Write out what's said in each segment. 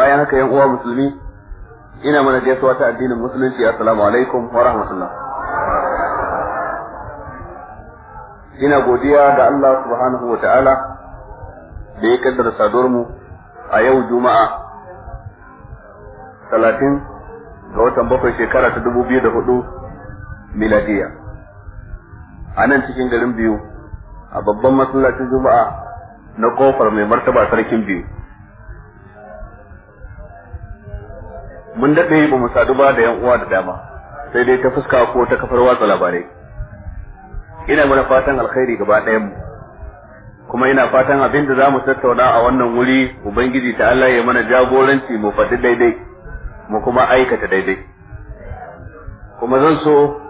bayan haka yan uwa musulmi ina mana gaisuwa ta addinin musulunci assalamu alaikum wa rahmatullah ina godiya da Allah subhanahu wa ta'ala da ya kaddara saduwar mu a yau juma'a 30 ga watan bakwai shekara ta dubu da hudu miladiya a nan cikin garin biyu a babban masallacin juma'a na kofar mai martaba sarkin biyu mun daɗe ba mu sadu ba da yan uwa da dama sai dai ta fuska ko ta kafar watsa labarai ina mana fatan alkhairi gaba ɗayan mu kuma ina fatan abin da za mu tattauna a wannan wuri ubangiji ta Allah ya mana jagoranci mu faɗi daidai mu kuma aikata daidai kuma zan so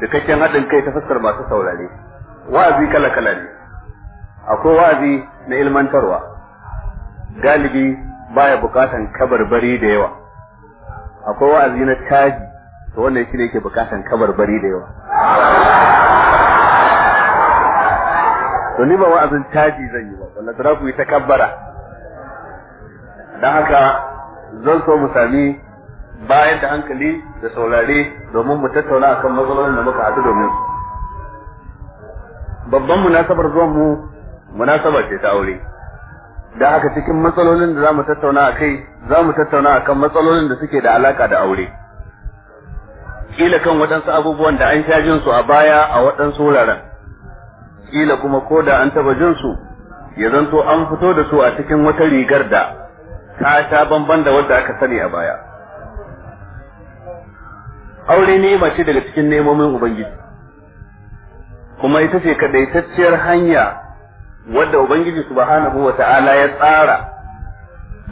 cikakken haɗin kai ta fuskar masu saurare wa'azi kala kala ne akwai wa'azi na ilmantarwa galibi baya bukatan kabarbari da yawa akwai wa'azi na caji to wannan shi ne yake bukatan kabarbari da yawa to ni ba wa'azin caji zan yi ba wannan zan ku yi ta kabbara dan haka zan so mu sami bayan da hankali da saurare domin mu tattauna akan matsalolin da muka haɗu domin babban munasabar zuwan mu munasabar ce ta aure da haka cikin matsalolin da za mu tattauna a kai za mu tattauna a kan matsalolin da suke da alaka da aure kila kan waɗansu abubuwan da an sha jinsu a baya a waɗansu wuraren kila kuma ko da an taba jinsu, su ya zanto an fito da su a cikin wata rigar da ta sha bamban da wadda aka sani a baya aure ne mace daga cikin nemomin ubangiji kuma ita ce kadaitacciyar hanya wadda ubangiji subhanahu ta'ala ya tsara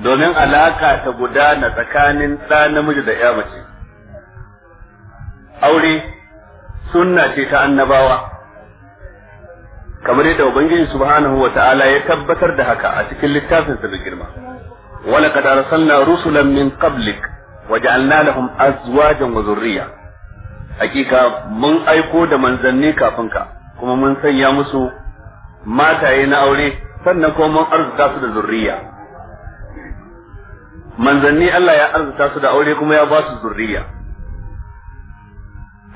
domin alaka ta gudana tsakanin ɗa namiji da ya mace aure sunna ce ta annabawa kamar yadda ubangiji subhanahu ta'ala ya tabbatar da haka a cikin littafinsa da girma rusulan min أرسلنا رسلا من قبلك وجعلنا لهم zurriya. mun mun da manzanni kafin ka kuma mun sanya musu. mataye na aure sannan kuma mun arzuta su da zurriya manzanni Allah ya arzuta su da aure kuma ya ba su zurriya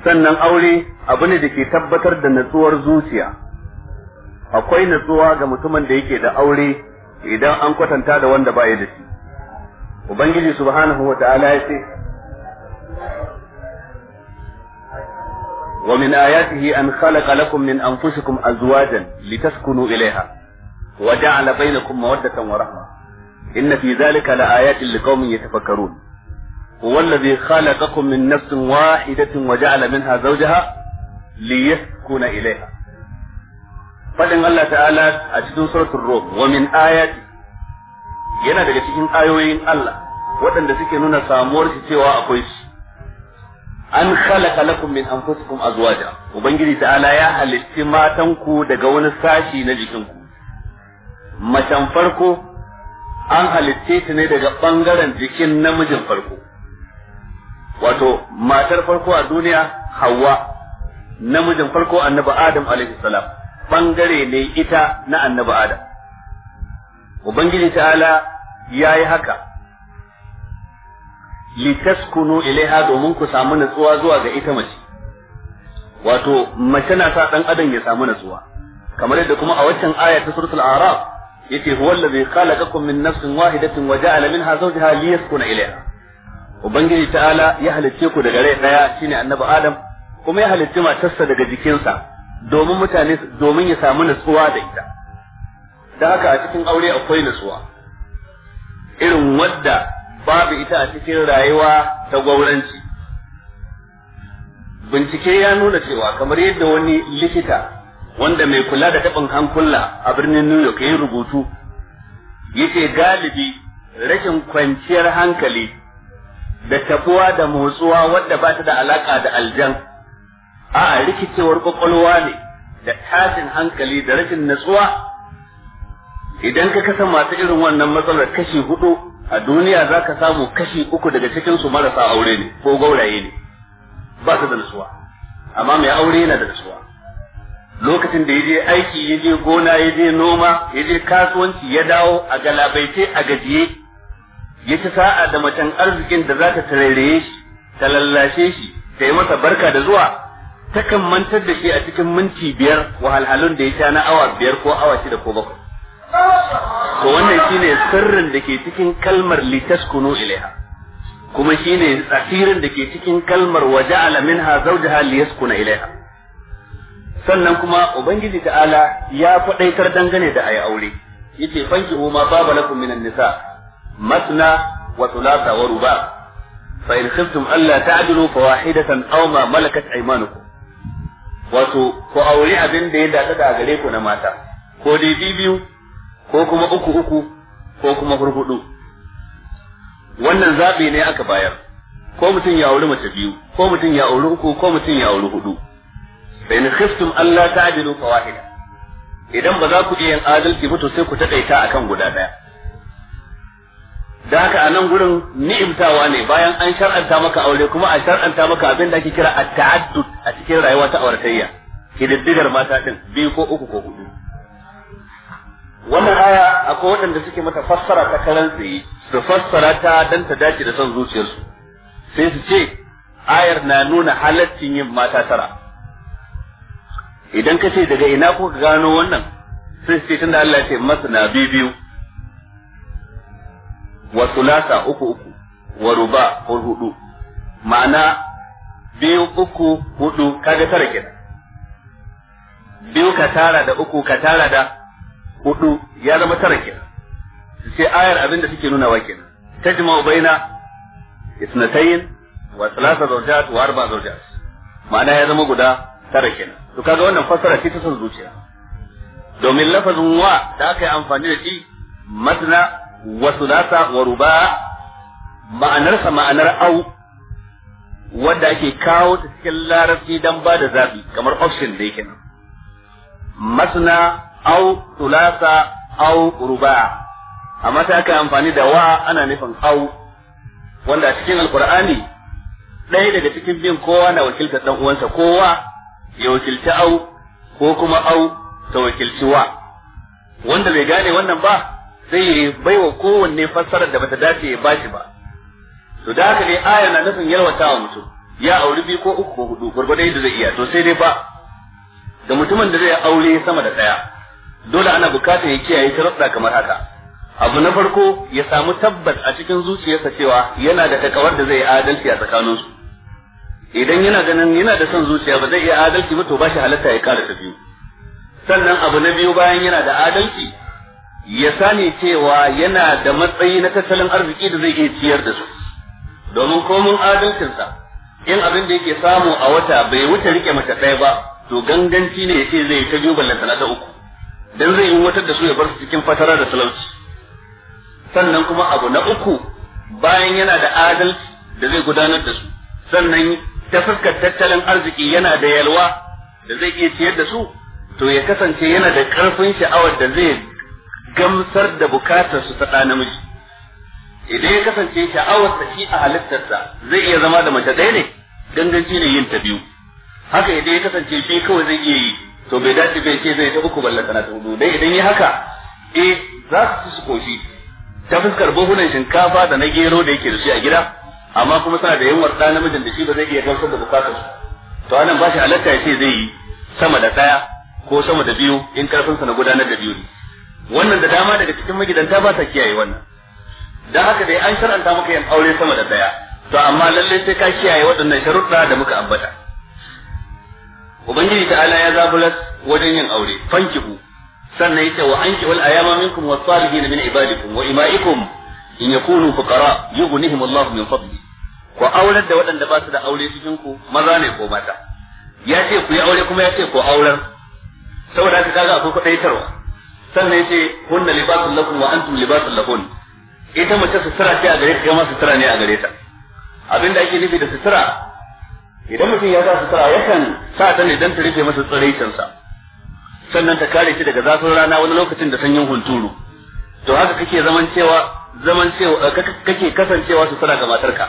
sannan aure abu ne da ke tabbatar da natsuwar zuciya akwai natsuwa ga mutumin da yake da aure idan an kwatanta da wanda bai da shi ubangiji subhanahu wa ta'ala ya ce ومن آياته أن خلق لكم من أنفسكم أزواجا لتسكنوا إليها وجعل بينكم مودة ورحمة إن في ذلك لآيات لقوم يتفكرون هو الذي خلقكم من نفس واحدة وجعل منها زوجها ليسكن إليها فإن الله تعالى أشتم سورة الروم ومن آياته ينادي لكي cikin ayoyin Allah waɗanda suke nuna samuwar shi cewa akwai an khalaqa lakum min anfusikum azwaja ubangiji ta'ala ya halitti matan ku daga wani sashi na jikin ku macen farko an halitte ta ne daga bangaren jikin namijin farko wato matar farko a duniya hawa namijin farko annabi adam alaihi salam bangare ne ita na annabi adam ubangiji ta'ala yayi haka litaskunu ilaiha domin ku samu natsuwa zuwa ga ita mace wato mace na sa dan adam ya samu natsuwa kamar yadda kuma a waccan aya ta suratul a'raf yace huwa allazi khalaqakum min nafsin wahidatin wa ja'ala minha zawjaha liyaskuna ilaiha ubangiji ta'ala ya halicce ku daga rai daya shine annabi adam kuma ya halicci matarsa daga jikinsa domin mutane domin ya samu natsuwa da ita da haka a cikin aure akwai natsuwa irin wadda babu ita a cikin rayuwa ta gwauranci bincike ya nuna cewa kamar yadda wani likita wanda mai kula da taɓin hankula a birnin new york ya rubutu yake galibi rashin kwanciyar hankali da tafuwa da motsuwa wadda ba ta da alaƙa da aljan a rikicewar ƙwaƙwalwa ne da tashin hankali da rashin natsuwa idan ka kasa masu irin wannan matsalar kashi hudu a duniya za ka samu kashi uku daga cikinsu marasa aure ne ko gauraye ne ba su da nasuwa amma mai aure yana da nasuwa lokacin da ya je aiki ya je gona ya je noma ya je kasuwanci ya dawo a galabaice a gajiye ya ci sa'a da macen arzikin da za ta tarairaye shi ta lallashe shi ta yi masa barka da zuwa takan mantar da shi a cikin minti biyar wahalhalun da ya sha na awa biyar ko awa shida ko bakwai to wannan shine sirrin da ke cikin kalmar litaskunu ilaiha kuma shine asirin da ke cikin kalmar waja'ala minha zawjaha liyaskuna ilaiha sannan kuma ubangiji ta'ala ya faɗaitar dangane da ayi aure yace fanki ma baba lakum minan nisa masna wa thulatha wa ruba fa in khiftum alla ta'dilu wahidatan aw ma malakat aymanukum wato ku aure abin da ya dace da gare ku na mata ko dai biyu ko kuma uku uku ko kuma hurhudu wannan zaɓi ne aka bayar ko mutum ya auri mace biyu ko mutum ya auri uku ko mutum ya auri hudu fa khiftum alla ta'dilu fa idan ba za ku iya yin adalci ba to sai ku taƙaita akan guda ɗaya da haka a nan gurin ni'imtawa ne bayan an shar'anta maka aure kuma a shar'anta maka abin da ake kira at-ta'addud a cikin rayuwa ta auratayya kididdigar mata din biyu ko uku ko hudu wannan aya akwai waɗanda suke mata fassara ta karan tsaye su fassara ta dan ta dace da son zuciyarsu sai su ce ayar na nuna halaccin yin mata tara idan ka ce daga ina kuka gano wannan sai su ce tunda Allah ya ce masana biyu wa sulasa uku uku wa ruba hudu ma'ana biyu uku hudu kaga tara kenan biyu ka tara da uku ka tara da hudu ya zama tara kenan sai ayar abin da suke nunawa kenan tajma'u baina isnatayn wa thalatha zawjat wa arba zawjat ma'ana ya zama guda tara kenan to kaga wannan fassara ce ta zuciya domin lafazin wa da aka yi amfani da shi matna wa thalatha wa ruba sa ma'anar au wanda ake kawo ta cikin larabci dan ba da zabi kamar option da yake nan masna au tulasa au ruba amma sai aka amfani da wa ana nufin au wanda a cikin alkur'ani ɗaya daga cikin bin kowa na wakiltar dan uwansa kowa ya wakilci au ko kuma au ta wakilci wa wanda bai gane wannan ba sai ya baiwa kowanne fassarar da bata dace ya bashi ba to da haka dai aya na nufin wa mutum ya auri biyu ko uku ko hudu gurgurda yadda zai iya to sai dai ba da mutumin da zai aure sama da ɗaya. dole ana bukatar ya kiyaye sharuɗa kamar haka abu na farko ya samu tabbas a cikin zuciyarsa cewa yana da takawar da zai adalci a tsakaninsu idan yana ganin yana da son zuciya ba zai iya adalci ba to ba shi halatta ya kara biyu sannan abu na biyu bayan yana da adalci ya sani cewa yana da matsayi na tattalin arziki da zai iya ciyar da su domin komin adalcinsa in abin da yake samu a wata bai wuce rike mace ɗaya ba to ganganci ne ya ce zai ta biyu ballantana ta uku dan zai wutar da su ya bar su cikin fatara da talauci sannan kuma abu na uku bayan yana da adalci da zai gudanar da su sannan ta fuskar tattalin arziki yana da yalwa da zai iya ciyar da su to ya kasance yana da karfin sha'awar da zai gamsar da bukatar su ta namiji idan ya kasance sha'awar ta shi a halittarsa zai iya zama da mace ɗaya ne danganci ne yin ta biyu haka idan ya kasance shi kawai zai iya yi to bai dace bai ce zai ta uku balla na ta hudu dai idan yi haka e za su ci su koshi ta fuskar buhunan shinkafa da na gero da yake da shi a gida amma kuma suna da yunwar ɗa namijin da shi ba zai iya gamsar da bukatar su to anan ba shi halatta ya ce zai yi sama da ɗaya ko sama da biyu in sa na gudanar da biyu ne wannan da dama daga cikin magidanta ba ta kiyaye wannan dan haka dai an shar'anta maka yin aure sama da ɗaya to amma lallai sai ka kiyaye waɗannan sharuɗa da muka ambata ubangiji ta'ala ya zabulas wajen yin aure fankihu sannan yace wa anki wal ayama minkum was salihin min ibadikum wa imaikum in yakunu fuqara yughnihim Allahu min fadli ku aurar da waɗanda ba su da aure cikin ku maza ne ko mata ya ce ku yi aure kuma ya ce ku aurar saboda ka kaga akwai tarwa sannan yace hunna libasul lakum wa antum libasul lahun ita mace sutura ce a gare ta kuma sutura ne a gare ta abinda ake nufi da sutura idan mutum ya sa sutura yakan sa ta ne dan ta rufe masa tsiraicinsa sannan ta kare shi daga zafin rana wani lokacin da sanyin hunturu to haka kake zaman cewa zaman cewa eh, kake kasancewa sutura ga matarka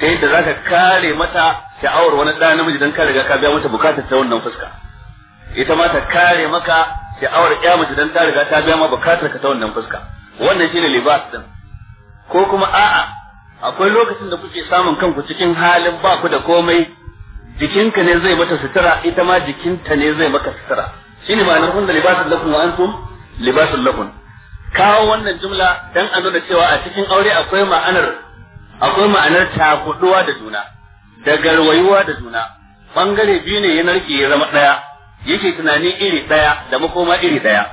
ta yadda za ka kare mata sha'awar wani ɗaya namiji don ka riga ka biya mata bukatar ta wannan fuska ita ma ta kare maka sha'awar ƴa mace don ta riga ta biya ma bukatar ka ta wannan fuska wannan shine libas din ko kuma a'a akwai lokacin da kuke samun kanku cikin halin ba ku da komai jikinka ne zai mata sutura ita ma jikinta ne zai maka sutura shi ne ma'anar hunda libasul lakum wa antum libasul lakum kawo wannan jumla dan a nuna cewa a cikin aure akwai ma'anar akwai ma'anar takuduwa da juna da garwayuwa da juna bangare biyu ne ya narke ya zama daya yake tunani iri daya da makoma iri daya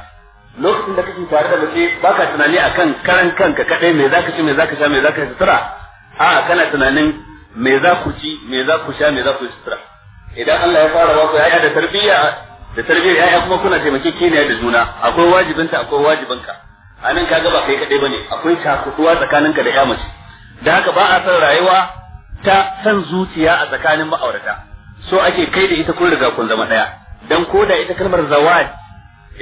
lokacin da kake tare da mace baka tunani akan karan kanka kadai me zaka ci me zaka sha me zaka sutura a kana tunanin me za ku ci me za ku sha me za ku sutura idan Allah ya fara ba ku ya'ya da tarbiyya da tarbiyyar ya'ya kuma kuna taimake kiniya da juna akwai wajibinta akwai wajibinka anan kaga ba kai kadai bane akwai cakuduwa tsakaninka da ya mace da haka ba a san rayuwa ta san zuciya a tsakanin ma'aurata so ake kai da ita kun riga kun zama daya dan koda ita kalmar zawaj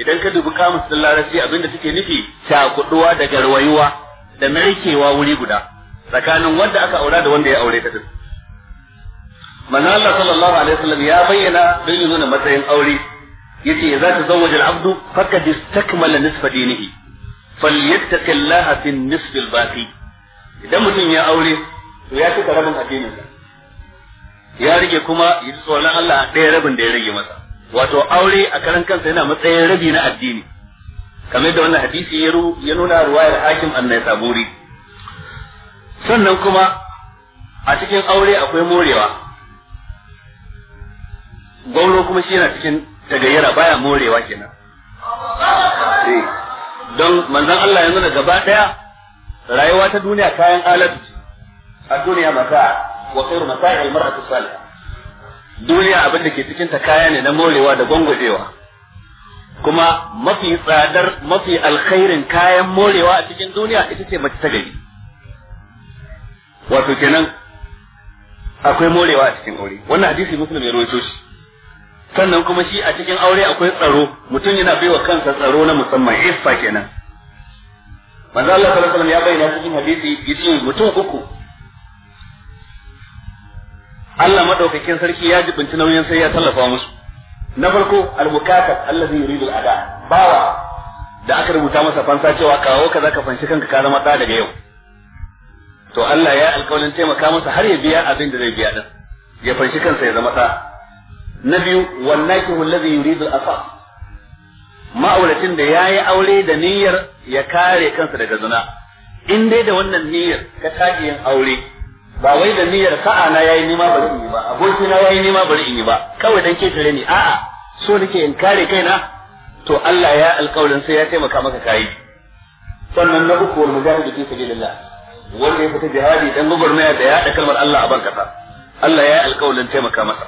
idan ka dubi kamus din larabci abinda take nufi cakuɗuwa, da garwayuwa da mulkewa wuri guda tsakanin wanda aka aura da wanda ya aure ta din manzo Allah sallallahu alaihi wasallam ya bayyana don nuna matsayin aure yace idza tazawwaja al-abdu faqad istakmala nisfa dinihi falyattaqillaha fi an-nisf al-baqi idan mutum ya aure to ya cika rabin addinin sa ya rige kuma ya ji tsoron Allah a ɗaya rabin da ya rage masa wato aure a karan kansa yana matsayin rabi na addini kamar da wannan hadisi ya nuna ruwayar hakim annai saburi sannan kuma a cikin aure akwai morewa gwamno kuma shi yana cikin tagayyara baya morewa kenan eh, don manzan Allah yanzu da gaba daya rayuwa ta duniya kayan alatu a duniya mata wa khairu mata'i al-mar'atu salihah duniya abin da ke cikin ta kaya ne na morewa da gwangwajewa kuma mafi tsadar mafi alkhairin kayan morewa a cikin duniya ita ce mace ta gari wato kenan akwai morewa a cikin aure wannan hadisi muslim ya rawaito shi sannan kuma shi a cikin aure akwai tsaro mutum yana baiwa kansa tsaro na musamman iffa kenan manzo Allah sallallahu alaihi wasallam ya bayyana cikin hadisi yace mutum uku Allah madaukakin sarki ya jibinci nauyin sai ya tallafa musu na farko al-mukata allazi yuridu al-ada bawa da aka rubuta masa fansa cewa kawo kaza ka fanshi kanka ka zama da daga yau to Allah ya alƙawarin taimaka masa har ya biya abin da zai biya din ya fanshi kansa ya zama sa'a na biyu wannakihu alladhi yuridu al-afaf ma'auratin da yayi aure da niyyar ya kare kansa daga zina in dai da wannan niyyar ka tashi yin aure ba wai da niyyar sa'a na yayi nima bari in yi ba aboki na yayi nima bari in yi ba kawai dan ketare ni a'a so nake in kare kaina to Allah ya alƙawarin sai ya taimaka maka kai sannan na uku wal mujahidu fi sabilillah wanda ya fita jihadi dan gwagwarmaya da yaɗa kalmar Allah a barkata, kasa Allah ya yi alƙawarin taimaka masa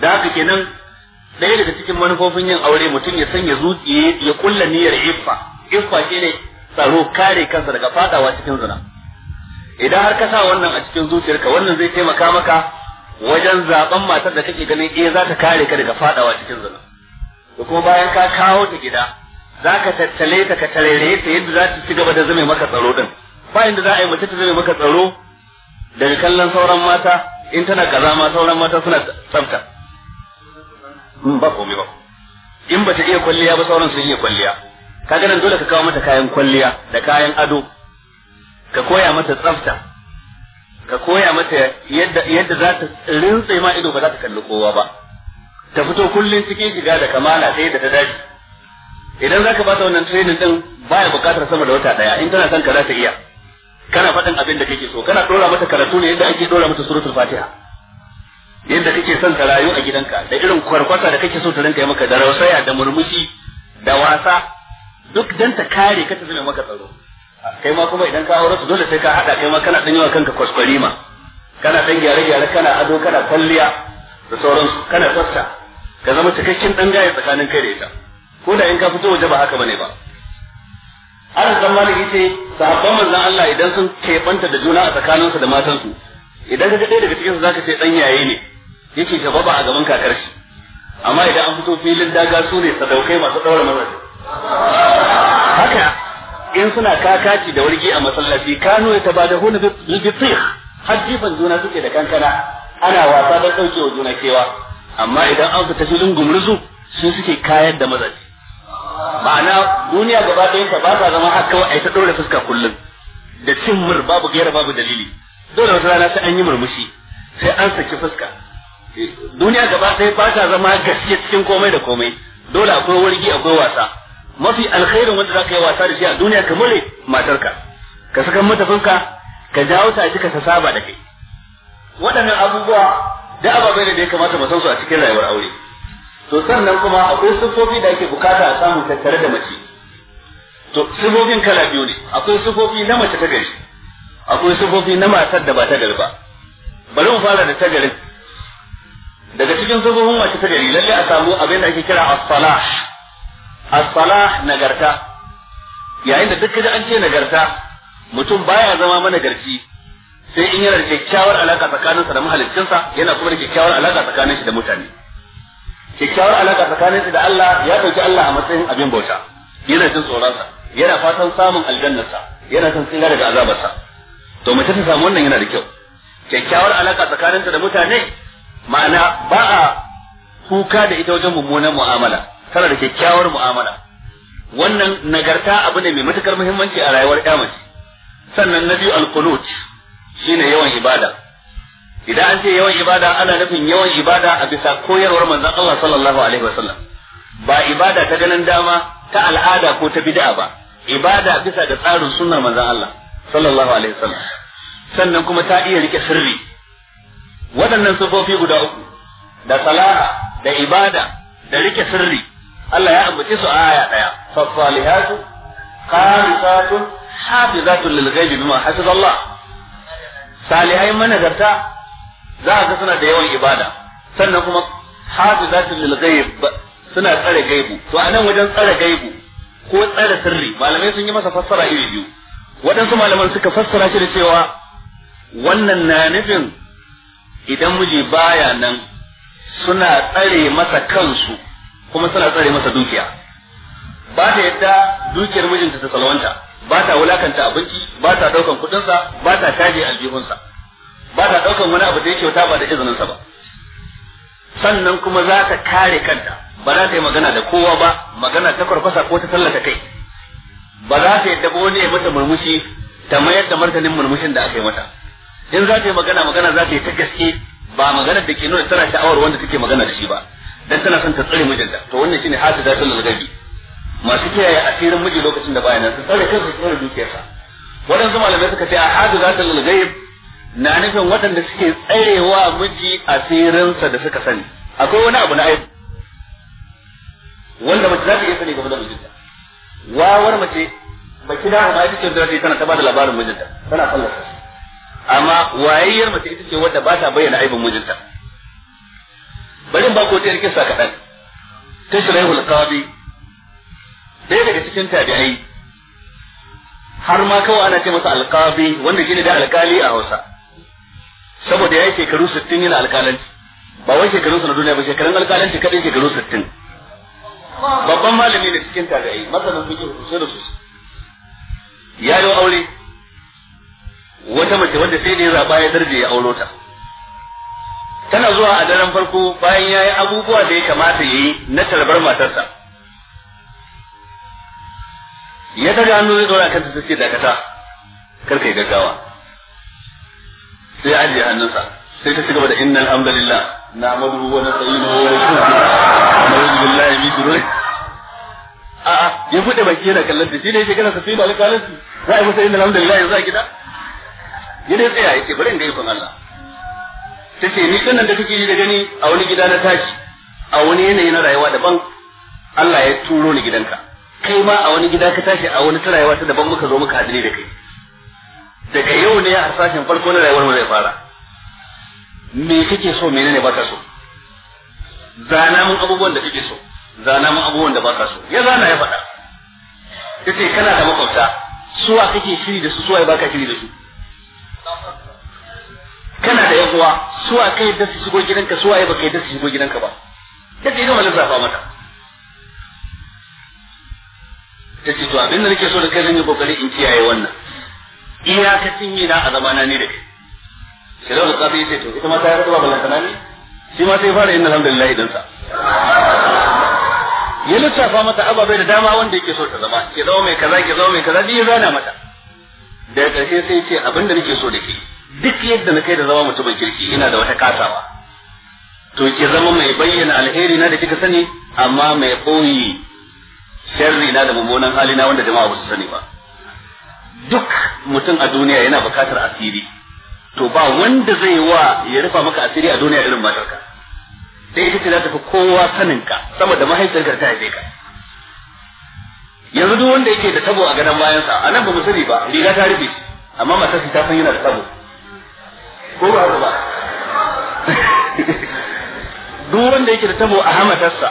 da haka kenan ɗaya daga cikin manufofin yin aure mutum ya sanya zuciya ya kulla niyyar iffa iffa ne tsaro kare kansa daga fadawa cikin zina idan har ka sa wannan a cikin zuciyarka wannan zai taimaka maka wajen zaben matar da kake ganin eh za ta kare ka daga fadawa cikin zina da kuma bayan ka kawo ta gida za ka tattale ta ka tarairaye ta yadda za ta ci gaba da zame maka tsaro din ba inda za a yi mace ta zai maka tsaro daga kallon sauran mata in tana kaza ma sauran mata suna tsafta hmm, ba komai ba in ba ta iya kwalliya ba sauran sun iya kwalliya kaga nan dole ka kawo mata kayan kwalliya da kayan ado ka koya mata tsafta ka koya mata yadda yadda za ta rintse ma ido ba za ta kalli kowa ba ta fito kullun cikin shiga da kamala sai da ta dace idan za ka ba ta wannan training din baya bukatar sama da wata daya in tana son ka za ta iya kana faɗin abin da kake so kana dora mata karatu ne yadda ake dora mata suratul fatiha yadda kake son ta rayu a gidanka da irin kwarkwata da kake so ta rinka yi maka da rausaya da murmushi da wasa duk dan ta kare ka ta zama maka tsaro kai ma kuma idan ka aure su dole sai ka hada kai ma kana dan yawa kanka kwaskwarima kana dan gyare gyare kana ado kana kwalliya da sauransu kana tsafta ka zama cikakken dan gaya tsakanin kai da ita ko da in ka fito waje ba haka bane ba Anas dan Malik ce, sahabban manzon Allah idan sun keɓanta da juna a tsakaninsu da matansu idan ka ga ɗaya daga cikin su zaka ce dan yaye ne yake gaba a gaban kakar shi amma idan an fito filin daga su ne sadaukai masu daura mazaje haka in suna kakaci da wargi a masallaci kano ya tabada da bi tsih har jifan juna suke da kankana ana wasa don ɗauke wa juna kewa amma idan an fita filin gumurzu su suke kayar da mazaje ma'ana duniya gaba ɗayanta ba ta zama haka yi ta ɗora fuska kullum da cin mur babu gera babu dalili dole wata rana sai an yi murmushi sai an saki fuska duniya gaba ɗaya ba ta zama gaske cikin komai da komai dole akwai wargi akwai wasa mafi alkhairin wanda za ka yi wasa da shi a duniya ka mure matarka ka saka mata fuska ka jawo ta ji ta saba da kai waɗannan abubuwa da ababai da ya kamata mu san su a cikin rayuwar aure to sannan kuma akwai siffofi da ake bukata a samu tattare da mace to siffofin kala biyu ne akwai siffofi na mace ta gari akwai siffofi na matar da ba ta gari ba bari mu fara da ta gari daga cikin siffofin mace ta gari lalle a samu abin da ake kira as-salah as-salah nagarta yayin da duk da an ce nagarta mutum baya zama mana sai in yana da kyakkyawar alaka tsakaninsa da mahaliccinsa yana kuma da kyakkyawar alaka tsakanin da mutane kyakkyawar alaka tsakanin da Allah ya dauki Allah a matsayin abin bauta yana jin tsoronsa yana fatan samun aljannarsa yana son tsira daga azabarsa to mace ta samu wannan yana da kyau kyakkyawar alaka tsakaninta da mutane ma'ana ba a kuka da ita wajen mummunan mu'amala tana da kyakkyawar mu'amala wannan nagarta abu ne mai matukar muhimmanci a rayuwar ƴa mace sannan na biyu alqunut shine yawan ibada idan an ce yawan ibada ana nufin yawan ibada a bisa koyarwar manzon Allah sallallahu alaihi wasallam ba ibada ta ganin dama ta al'ada ko ta bid'a ba ibada bisa da tsarin sunnar manzon Allah sallallahu alaihi wasallam sannan kuma ta iya rike sirri waɗannan sifofi guda uku da salaha da ibada da rike sirri Allah ya ambace su a aya daya fasalihatu qantatun hafizatun lil ghaibi bima hafiz Allah salihai manazarta za a ga suna da yawan ibada sannan kuma hafizatul lil suna tsare gaibu to anan wajen tsare gaibu ko tsare sirri malamai sun yi masa fassara iri biyu waɗansu malaman suka fassara shi da cewa wannan na nufin idan miji baya nan suna tsare masa kansu kuma suna tsare masa dukiya ba ta yadda dukiyar mijinta ta salwanta ba ta wulakanta abinci ba ta daukan kudinsa ba ta kaje aljihunsa ba ta ɗaukan wani abu da ya kyauta ba da izinin sa ba sannan kuma za ta kare kanta ba za ta yi magana da kowa ba magana ta kwarfasa ko ta tallata kai ba za ta yadda wani ya mata murmushi ta mayar da martanin murmushin da aka yi mata in za ta yi magana magana za ta yi ta gaske ba magana da ke nuna tana sha'awar wanda take magana da shi ba dan tana son ta tsare mijinta to wannan shine sun gabi masu kiyaye asirin miji lokacin da bayanan su tsare kansu su tsare dukiyarsa waɗansu malamai suka ce a hadu za ta lalgaib na nufin waɗanda suke tsarewa miji asirinsa da suka sani akwai wani abu na aiki wanda mace za ta iya sani game da mijinta wawar mace ba ki da ba ita ce wadda tana ta ba da labarin mijinta tana fallasa amma wayayyar mace ita ce wadda ba ta bayyana aibin mijinta bari ba ko ta yi kisa kaɗan ta shiraihul qadi ɗaya daga cikin tabi'ai har ma kawai ana ce masa alqabi wanda ne da alƙali a Hausa saboda yayi shekaru 60 yana alƙalanci ba wai shekarun sa na duniya ba shekarun alƙalanci kadai shekaru 60 babban malami ne cikin tarihi masanin fiqh sosai da sosai ya yi aure wata mace wanda sai da ya zaba ya darje ya auro ta tana zuwa a daren farko bayan ya yi abubuwa da ya kamata ya yi na tarbar matarsa ya daga hannu zai dora kanta sai ce dakata karka yi gaggawa sai a ajiye hannunsa sai ta cigaba da inna alhamdulillah na madu wa nasta'inu wa nastaghfiru na'udhu billahi min shururi a'a ya bude baki yana kallon ta shi ne shi kana sa sai alƙalin su za a yi masa inna alhamdulillah yanzu a gida ya dai tsaya yake bari in ga ikon Allah ce ni sannan da ke yi da gani a wani gida na tashi a wani yanayi na rayuwa daban Allah ya turo ni gidanka kai ma a wani gida ka tashi a wani ta rayuwa ta daban muka zo muka haɗu da kai daga yau ne a sashen farko na rayuwar mu zai fara me kake so ne baka so zana mun abubuwan da kake so zana mun abubuwan da baka so ya zana ya faɗa kace kana da makwabta suwa kake shiri da su suwa baka shiri da su kana da yan uwa suwa kai da su shigo gidanka suwa baka yi da su shigo gidanka ba kace idan wannan zafa mata kace to abin da nake so da kai zan yi kokari in kiyaye wannan ka cinye na a zamana ne da kai shi da kafi ce to ita ma ta rabu ballan kana ni shi ma sai fara inna alhamdulillah idan sa ya lissafa mata ababe da dama wanda yake so ta zama ke zama mai kaza ke zama mai kaza biyu zana mata daga ƙarshe sai ce abinda nake so da ke duk yadda na kai da zama mutumin kirki ina da wata kasawa to ke zama mai bayyana alheri na da kika sani amma mai koyi sharri na da mummunan hali na wanda jama'a ba su sani ba duk mutum a duniya yana bukatar asiri to ba wanda zai wa ya rufa maka asiri a duniya irin matarka sai ita ce za ta fi kowa saninka sama da mahaifiyarka ta haife ka yanzu duk wanda yake da tabo a gadon bayansa a nan ba mu sani ba riga ta rufe amma matar ta san yana da tabo ko ba ba duk wanda yake da tabo a hamatarsa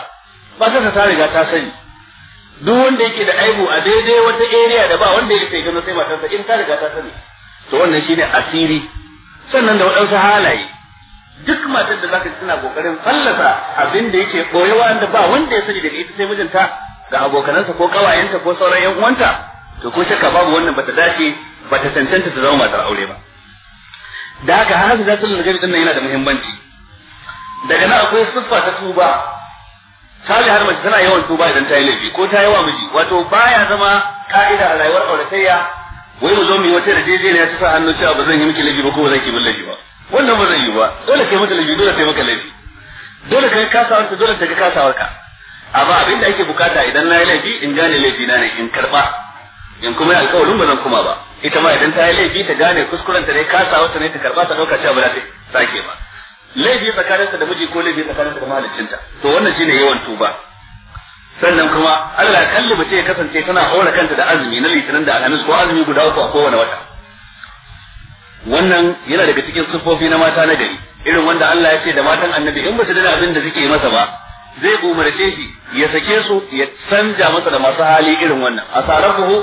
matarsa ta riga ta sani duk wanda yake da aibu a daidai wata area da ba wanda yake gano sai matarsa in ta riga ta sani to wannan shine asiri sannan da waɗansu halaye duk matar da zaka suna kokarin fallasa abin da yake boyewa da ba wanda ya sani daga ita sai mijinta ga abokanansa ko kawayenta ko sauran yan uwanta to ko shakka babu wannan bata dace bata tantance ta zama matar aure ba da haka har da zatul gari din yana da muhimmanci daga nan akwai siffa ta tuba har mace tana yawan tuba idan ta yi laifi ko ta yi wa miji wato baya zama ka'ida a rayuwar auratayya wai mu zo mu yi wata da ne ta sa hannu cewa ba zan yi miki laifi ba ko ba zan ki min laifi ba wannan ba zan yi ba dole kai maka laifi dole kai maka laifi dole kai kasawar ta dole ta ga kasawar amma abin da ake bukata idan na yi laifi in gane laifi na ne in karba in kuma yi alkawarin ba zan kuma ba ita ma idan ta yi laifi ta gane kuskuren ta ne kasawar ta ne ta karba ta dauka cewa ba za ta sake ba laifi tsakaninsa da miji ko laifi tsakaninsa da mahaliccinta to wannan shine yawan tuba sannan kuma Allah ya kalli mace ya kasance tana aure kanta da azumi na litinin da alhamis ko azumi guda uku a kowane wata wannan yana daga cikin siffofi na mata na gari irin wanda Allah ya ce da matan annabi in ba su dana abin da suke masa ba zai umarce shi ya sake su ya canja masa da masu hali irin wannan A asarafuhu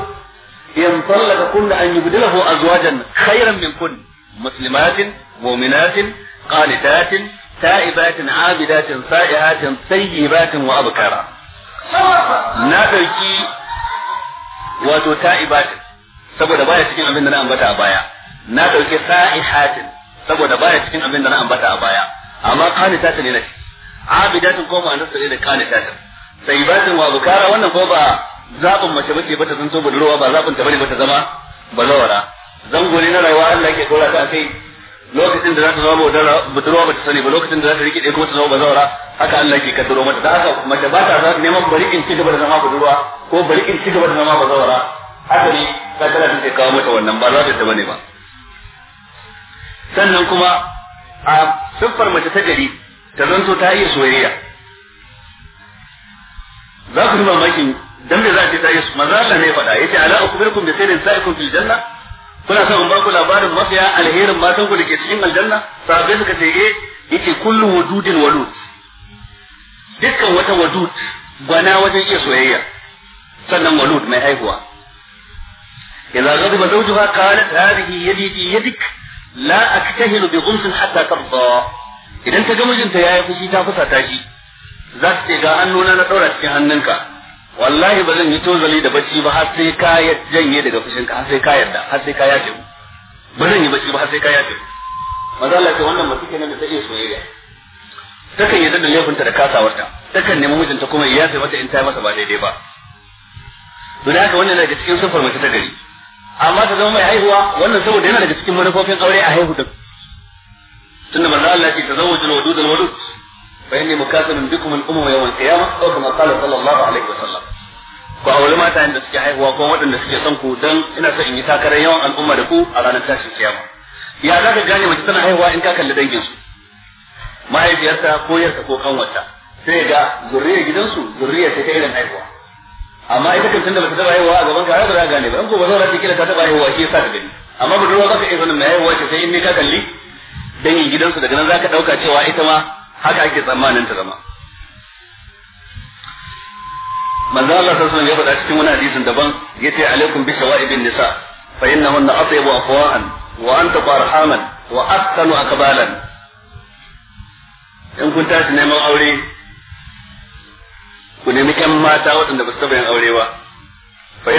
in sallaka da an yi yubdilahu azwajan khairan min kunna مسلمات مؤمنات قانتات تائبات عابدات سائحات طيبات وأبكارا na ɗauki wato ta'ibatin saboda baya cikin abin da na ambata a baya na ɗauki sa'ihatin saboda baya cikin abin da na ambata a baya amma qanitatin ne abidatin ko ma'anar sa da qanitatin sayyibatin wa bukara wannan ko ba zabin mace ba ta ba zabin ta ba ta zama balawara zango na rayuwa Allah yake dora ta kai lokacin da za ta zama budurwa ba ta sani ba lokacin da za ta rikide kuma ta zama bazawara haka Allah ke kaddaro mata da haka mace ba ta neman bari in ci gaba da zama budurwa ko bari in ci gaba da zama bazawara haka ne ta tana ta kawo mata wannan ba za ta ta bane ba sannan kuma a siffar mace ta gari ta zanto ta iya soyayya za ku yi mamakin dan da za ta yi maza Allah ne faɗa yace ala ukubirkum bi sayyidin sa'ikum fil janna kuna son in ba ku labarin mafiya alherin matan ku da ke cikin aljanna sahabbai suka ce eh yace kullu wududin walud dukkan wata wadud gwana wajen iya soyayya sannan walud mai haihuwa idza ghadiba zawjuha qalat hadhihi yadi fi yadik la aktahilu bi ghumsin hatta tarda idan ta ga mijinta yayi fushi ta fusata shi za ta ce ga hannuna na daura cikin hannunka wallahi ba zan yi tozali da bacci ba har sai ka janye daga fushin ka har sai ka yarda har sai ka yafe ba zan yi bacci ba har sai ka yafe maza Allah ce wannan mutum kenan da ta iya soyayya takan yi da laifinta da kasawarta takan nemi mijinta kuma ya sai mata in ta masa ba daidai ba don haka wannan daga cikin sufar mace ta gari amma ta zama mai haihuwa wannan saboda yana daga cikin manufofin aure a haihu din tunda maza Allah ce tazawwajul wadud wadud fa inni mukasirun bikum al-umma yawm al-qiyamah aw kama qala sallallahu alaihi wasallam ku aure mata da suke haihuwa ko waɗanda suke son ku dan ina so in yi takarar yawan al'umma da ku a ranar tashin kiyama ya za ka gane mace tana haihuwa in ka kalli danginsu? mahaifiyarta ko yarta ko kanwarta sai ga zurriyar gidansu zurriya ce ta irin haihuwa amma ita kan tunda bata taba haihuwa a gaban ka har ba gane ba in ko ba zaura kila ta taba haihuwa shi yasa ta gani amma budurwa za ka iya sanin mai haihuwa ce sai in ne ka kalli dangin gidansu daga nan za ka ɗauka cewa ita ma haka ake tsammanin ta zama manzo Allah sallallahu alaihi wasallam ya faɗa cikin wani hadisin daban yace alaikum bi shawaibin nisa fa innahunna wa anta wa in kun tashi neman aure ku nemi mata waɗanda ba su taɓa yin aure ba fa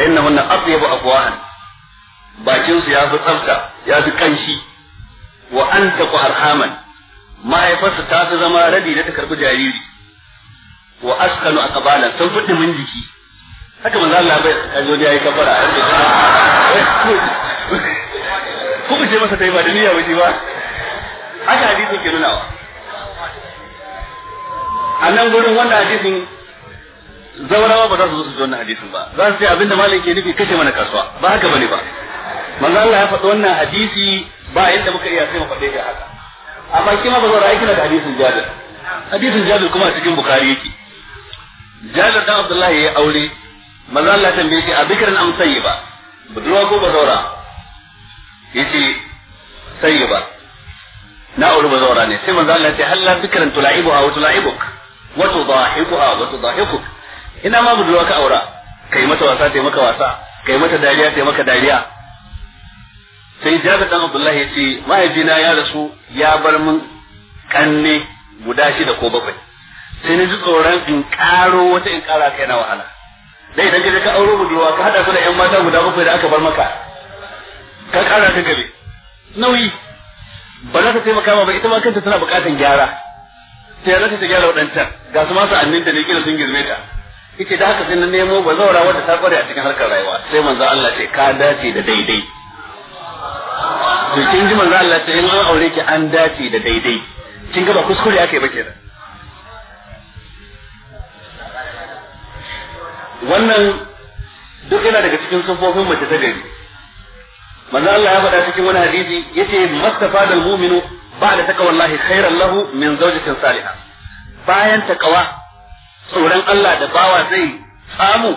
innahunna bakin su ya fi tsafta ya fi kanshi wa anta mahaifarsa ta fi zama rabi da ta karbi jariri wa askanu kabala sun fi min jiki haka manzo Allah bai zo da yayi kafara ko ku je masa tai ba da niyya waje ba haka hadisin ke nuna a nan gurin wanda hadisin zaurawa ba za su zo su ji wannan hadisin ba za su ce abinda malam ke nufi kashe mana kasuwa ba haka bane ba manzo Allah ya faɗi wannan hadisi ba yadda muka iya sai mu faɗe shi haka amma kima ba zan ra'ayi da hadisin jabir hadisin jabir kuma a cikin bukari yake jabir dan abdullahi ya aure manzo Allah tambaye shi a bikirin am sayyiba budurwa ko bazawara yace sayyiba na aure bazawara ne sai manzo Allah ya ce halla bikirin tulaibu aw tula'ibuk wa tudahiquha wa tudahikuk ina ma budurwa ka aura kai mata wasa sai maka wasa kai mata dariya sai maka dariya sai jabir dan abdullahi yace mahaifina ya rasu ya bar min kanne guda shida ko bakwai sai na ji tsoron in karo wata in kara kai na wahala dai idan kaje ka auro budurwa ka hada su da yan mata guda bakwai da aka bar maka ka kara ta gabe nauyi ba za ta taimaka ma ba ita ma kanta tana bukatan gyara sai ya ta gyara waɗancan ga su masu anninta ne kila sun girme ta ita da haka sai na nemo ba zaura wata ta kware a cikin harkar rayuwa sai manzo Allah ce ka dace da daidai to kin ji manzo Allah sai in an aure ki an dace da daidai kin ga ba kuskure aka yi ba kenan wannan duk yana daga cikin sufofin mace ta gari manzo Allah ya faɗa cikin wani hadisi yace mustafa dal mu'minu ba'da taqwallahi khairan lahu min zawjatin salihah bayan takawa tsoron Allah da bawa zai samu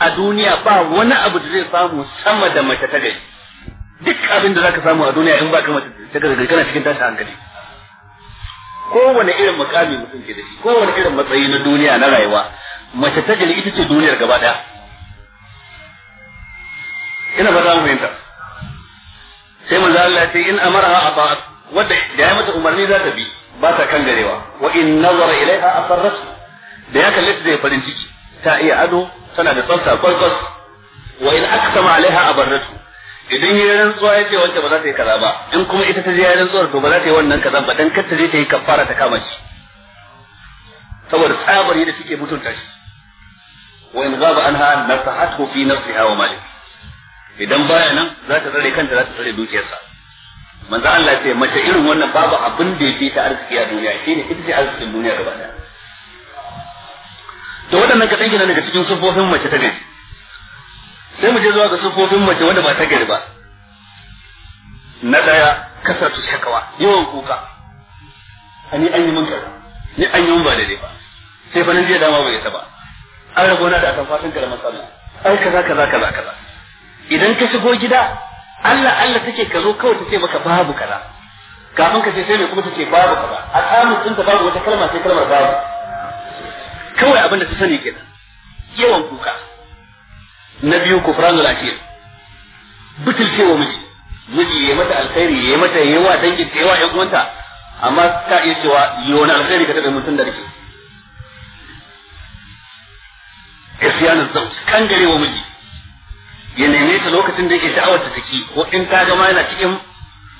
a duniya ba wani abu da zai samu sama da mace ta gari duk abin da zaka samu a duniya in baka mace ta gargaɗi kana cikin tashin hankali kowane irin mukami mutum ke da shi kowane irin matsayi na duniya na rayuwa mace ta gani ita ce duniyar gaba daya ina ba za mu fahimta sai manzo Allah ya ce in amara a ba wanda da ya mata umarni za ta bi ba ta kan garewa wa in nazara ilaiha asarrat da ya kalle zai farin ciki ta iya ado tana da tsafta kwalkwas wa in aksama alaiha abarratu idan ya rantsuwa ya ce wanda ba za ta yi kaza ba in kuma ita ta je ya rantsuwar to ba za ta yi wannan kaza ba dan kar ta je ta yi kafara ta kama shi saboda tsabar yadda suke mutunta shi wa in ghaba anha nasahatu fi nafsiha wa malik idan baya nan za ta tsare kanta za ta tsare dukiyarsa manzo Allah ya ce mace irin wannan babu abin da yake ta arziki a duniya shine ita ce arzikin duniya gaba daya to ka kaɗan kenan daga cikin sufofin mace ta ne. sai mu je zuwa ga sufofin mace wanda ba ta gari ba na daya kasatu shakawa yawan kuka ani an yi mun kaza ni an yi min ba daidai ba sai fa nan jiya dama bai ta ba an rago na da akan fatan karamar sallah ai kaza kaza kaza kaza idan ka shigo gida Allah Allah take ka zo kawai take maka babu kaza kafin ka ce sai mai kuma take babu kaza a sun ta babu wata kalma sai kalmar babu kawai abin da ta sani kenan yawan kuka na biyu kufran al ce wa miji miji ya mata alkhairi ya mata yawa dangin ta yawa ƴan uwanta amma ta iya cewa yi wani alkhairi ka taɓa mutum da rike isyanin zau kan gare wa miji ya neme ta lokacin da yake sha'awar ta take ko in ta gama yana cikin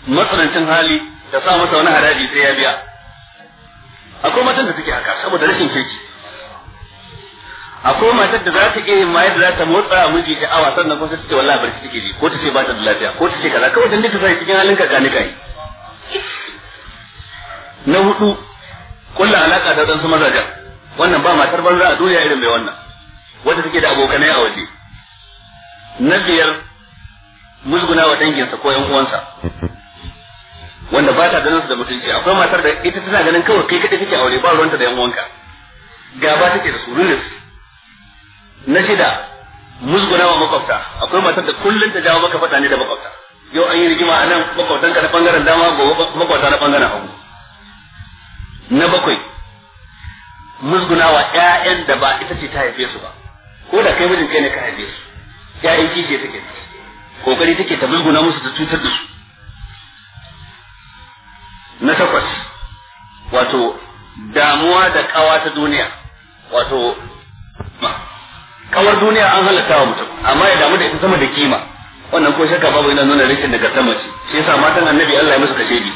matsanancin hali ta sa masa wani haraji sai ya biya akwai matan da take haka saboda rashin kirki akwai matar da za ta iya yin mayar da za ta motsa a miji ta awa sannan kuma ta wallahi barci take ji ko ta ce ba ta da lafiya ko ta ce kaza kawai dan duka sai cikin halin kaka ne kai na hudu kullu alaka da wadansu mazajen wannan ba matar banza a duniya irin mai wannan wanda take da abokanai a waje na biyar musguna wa danginsa ko yan uwansa wanda ba ta ganin su da mutunci akwai matar da ita tana ganin kawai kai kada kake aure ba ruwanta da yan uwanka gaba take da su rilis na shida musguna wa makwabta akwai matar da kullun ta jawo maka fata ne da makwabta yau an yi rigima a nan makwabtanka na bangaren dama ko makwabta na bangaren hagu na bakwai musguna wa ƴaƴan da ba ita ce ta haife su ba ko da kai mijin kai ne ka haife su ƴaƴan ta ke kokari take ta musguna musu ta cutar da su na takwas wato damuwa da kawa ta duniya wato ma kawar duniya an halatta wa mutum amma ya damu da ita sama da kima wannan ko shakka babu yana nuna rikin daga sama ce shi yasa matan annabi Allah ya musu kashedi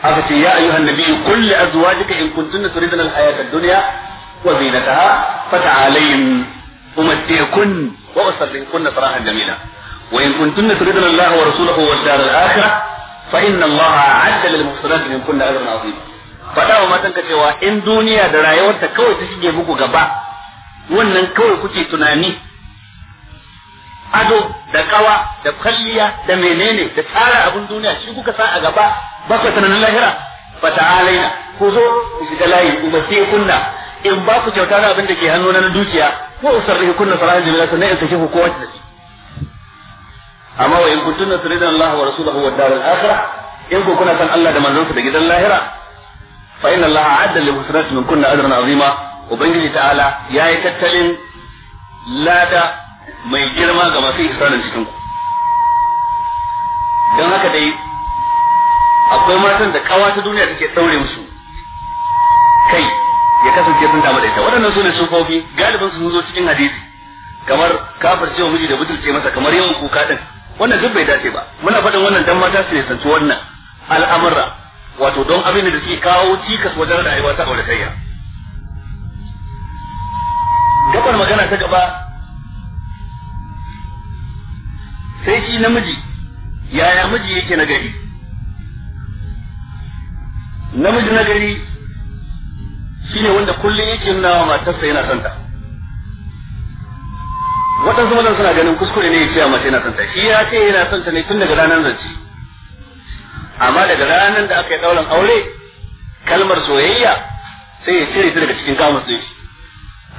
aka ce ya ayyuhan nabiyyu qul li azwajika in kuntunna turidna al-hayata ad-dunya wa zinataha fata'alayhim umatti'kun wa usarrihkunna sarahan jamila wa in kuntunna turidna Allah wa rasulahu wa ad-dar al-akhirah fa inna Allah a'adda lil muhsanati minkunna ajran 'azima fada wa matan ka cewa in duniya da rayuwarta kawai ta shige muku gaba wannan kawai kuke tunani ado da kawa da kwalliya da menene da tsara abin duniya shi kuka sa a gaba ba ku tunanin lahira fa ta'alaina ku zo ku shiga layi ku bace kunna in ba ku kyauta da abin da ke hannu na dukiya ko usarrihi kunna sarahan jami'a sannan in sake ku kowace da shi amma wa in kuntunna turidan Allah wa rasulahu wa daral akhirah in ku kuna san Allah da manzon sa da gidan lahira fa inna Allah a'adda lil husnati min kunna ajran azima ubangiji ta'ala ya yi tattalin lada mai girma ga masu ihsanin cikin ku don haka dai akwai matan da kawa ta duniya take saure musu kai ya kasance sun damu da ita waɗannan su ne sufofi galibin sun zo cikin hadisi kamar kafir ce miji da butulce masa kamar yawan kuka din wannan duk bai dace ba muna faɗin wannan dan mata su ne sanci wannan al'amura wato don abin da suke kawo cikas wajen rayuwa ta kayya gabar magana ta gaba sai shi namiji yaya miji yake na gari namiji na gari shine wanda kullum yake nuna wa matarsa yana santa waɗansu mazan suna ganin kuskure ne ya ce mace yana santa shi ya ce yana santa ne tun daga ranar zance amma daga ranar da aka yi ɗauran aure kalmar soyayya sai ya cire ta daga cikin kamus ɗin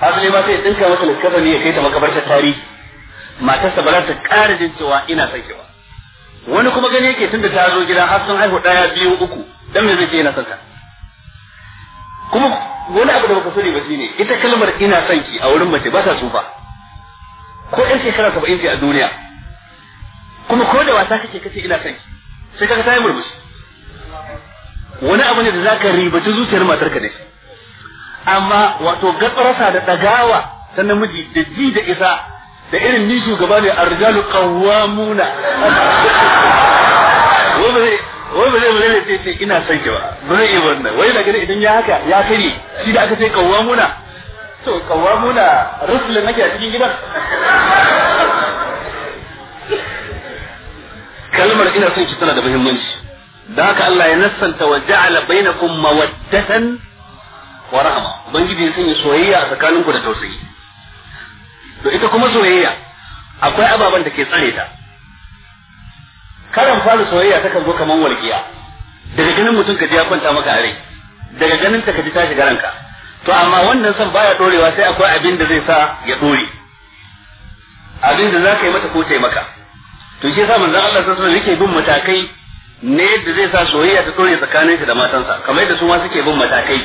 azumi ba sai dinka masa littafa ne ya kai ta makabarta tarihi matarsa ba za ta ƙara jin cewa ina son ba wani kuma gani yake tunda ta zo gida har sun haihu ɗaya biyu uku dan me zai yana ina son ka kuma wani abu da baka sani ba ne ita kalmar ina son ki a wurin mace ba ta tsufa ko ɗan shekara saba'in ce a duniya kuma ko da wasa kake kace ina son ki sai kaga ta yi murmushi wani abu ne da zaka ribaci zuciyar matarka da shi amma wato gatsarsa da dagawa ta namiji da ji da isa da irin ni shugaba ne a arjalu qawwamuna wai ba zai bare sai sai ina son ki ba ba zai yi wannan wai daga idan ya haka ya kare shi da aka ce qawwamuna to qawwamuna rusul nake a cikin gidan kalmar ina son ki tana da muhimmanci da haka Allah ya nassanta wa ja'ala bainakum mawaddatan wa rahama ubangiji ya sanya soyayya a tsakanin ku da tausayi to ita kuma soyayya akwai ababen da ke tsare ta karan fara soyayya ta kan zo kaman walƙiya daga ganin mutum ka ji ya kwanta maka are, daga ganin ta ka ji ta shiga ranka to amma wannan son baya dorewa sai akwai abin da zai sa ya dore abin da za ka yi mata ko taimaka. maka to shi yasa manzon Allah sallallahu alaihi yake bin matakai ne yadda zai sa soyayya ta dore tsakaninsa da matansa kamar yadda su ma suke bin matakai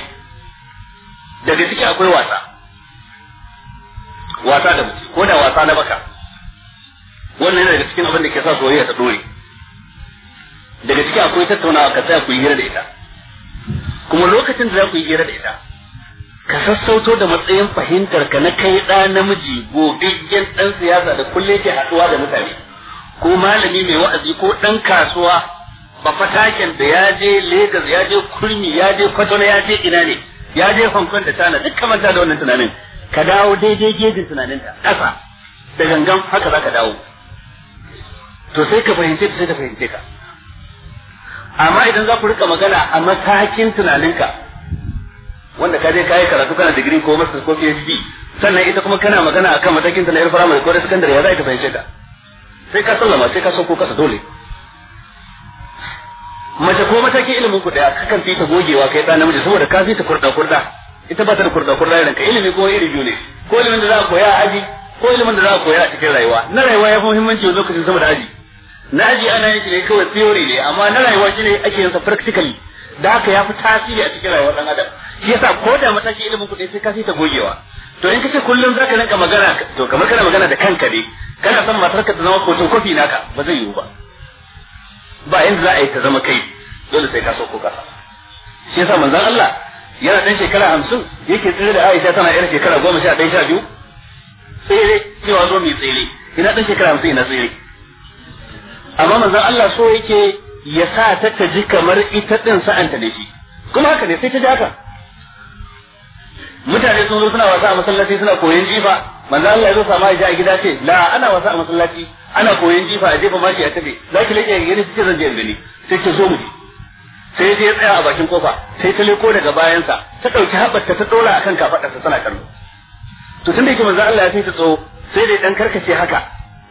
daga ciki akwai wasa wasa da mutum ko da wasa na baka wannan yana daga cikin abin da ke sa soyayya ta dore daga ciki akwai tattaunawa ka tsaya ku yi hira da ita kuma lokacin da za ku yi hira da ita ka sassauto da matsayin fahimtar ka na kai ɗa namiji yan ɗan siyasa da kulle ke haɗuwa da mutane ko malami mai wa'azi ko ɗan kasuwa ba fataken da ya je Legas ya je Kurmi ya je kwatona ya je ina ne ya je Hong Kong da tana duk kamar da wannan tunanin ka dawo daidai gejin tunaninta ƙasa da gangan haka za ka dawo to sai ka fahimce ta sai ka fahimce ka amma idan za ku rika magana a matakin tunaninka wanda ka je ka yi karatu kana digiri ko masters ko PhD sannan ita kuma kana magana akan matakin ta na yar firamare ko da sakandare ya za ka fahimce ka sai ka sallama sai ka sauko kasa dole mace ko matakin ilimin ku daya kakan fi ta gogewa kai da namiji saboda ka fi ta kurda kurda ita ba ta da kurda kurda irin ka ilimi ko iri biyu ne ko ilimin da za a koya a aji ko ilimin da za a koya a cikin rayuwa na rayuwa ya fi muhimmanci lokacin sama aji na aji ana yin shi ne kawai theory ne amma na rayuwa shi ne ake yin sa practically da haka ya fi tasiri a cikin rayuwar dan adam shi yasa ko da matakin ilimin kuɗi sai ka fi gogewa to in kace kullum zaka rinka magana to kamar kana magana da kanka ne kana son matarka ta zama kotun kofi naka ba zai yiwu ba ba inda za a yi ta zama kai dole sai ka sauko kasa shi yasa manzon Allah yana dan shekara hamsin yake tsere da Aisha tana yar shekara goma sha ɗaya sha biyu tsere wa zo mai tsere ina dan shekara hamsin ina tsere amma manzon Allah so yake ya sa ta ta ji kamar ita din sa'anta da shi kuma haka ne sai ta ji haka mutane sun zo suna wasa a masallaci suna koyon jifa manzo Allah ya zo sama ya a gida ce la ana wasa a masallaci ana koyon jifa a jefa mashi a tabe zaki lake gani kike zan je gani sai ki zo mu sai ya tsaya a bakin kofa sai ta leko daga bayansa ta ɗauki habarta ta dora akan kafaɗarsa tana kallo to tunda yake manzo Allah ya sai ta tso sai dai dan karkace haka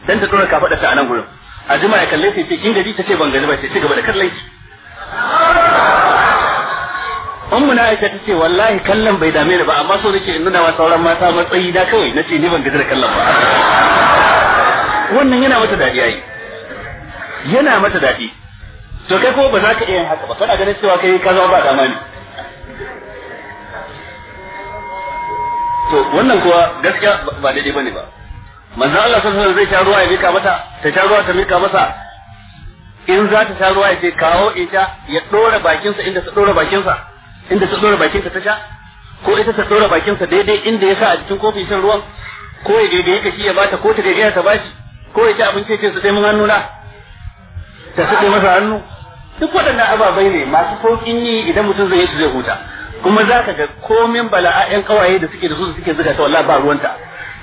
dan ta dora kafaɗarsa a nan gurin a jima ya kalle sai kin ta ce ban gani ba sai ci gaba da kallon ki ummu na aisha ce wallahi kallon bai dame ni ba amma so nake in nuna wa sauran mata matsayi na kawai nace ni ban gaji da kallon ba wannan yana mata dadi ai yana mata dadi to kai ko ba za ka iya yin haka ba kana ganin cewa kai ka zama ba dama ne to wannan kuwa gaskiya ba daidai bane ba manzo Allah sallallahu alaihi wasallam zai taruwa ruwa ya mika mata ta taruwa ruwa ta mika masa in za ta sha ruwa ya ce kawo ita ya dora bakinsa inda ta dora bakinsa inda ta dora bakinta ta sha ko ita ta dora bakinsa daidai inda ya sa a cikin kofi shan ruwan ko ya daidai ka shi ya bata ko ta daidai ta bashi ko ya ci abinci ce su dai mun hannu na ta su masa hannu duk waɗannan ababai ne masu sauƙin yi idan mutum zai yi su zai huta kuma za ka ga komin bala'a ƴan ƙawaye da suke da su suke zuga ta wallahi ba ruwanta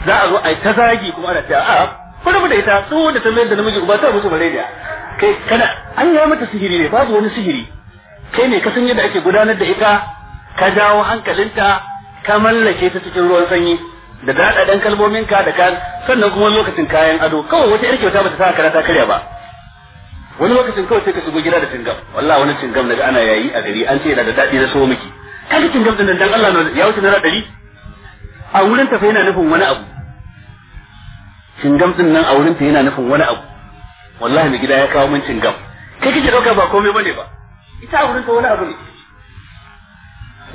za a zo a yi ta zagi kuma ana ta a kuma da ita tsohon da ta mayar da namiji uba ta musu malaria kai kana an yi mata sihiri ne babu wani sihiri kai ne ka san yadda ake gudanar da ita ka jawo hankalinta ka mallake ta cikin ruwan sanyi da daɗaɗen kalmomin ka da ka sannan kuma lokacin kayan ado kawai wata yar kyauta bata sa karata karya ba wani lokacin kawai sai ka shigo gida da cingam wallahi wani cingam daga ana yayi a gari an ce yana da daɗi na so miki kaga cingam din dan Allah ya wuce na ɗari a wurin ta fa yana nufin wani abu cingam din nan a wurin ta yana nufin wani abu wallahi mai gida ya kawo min cingam kai kike dauka ba komai bane ba ita a wurin wani abu ne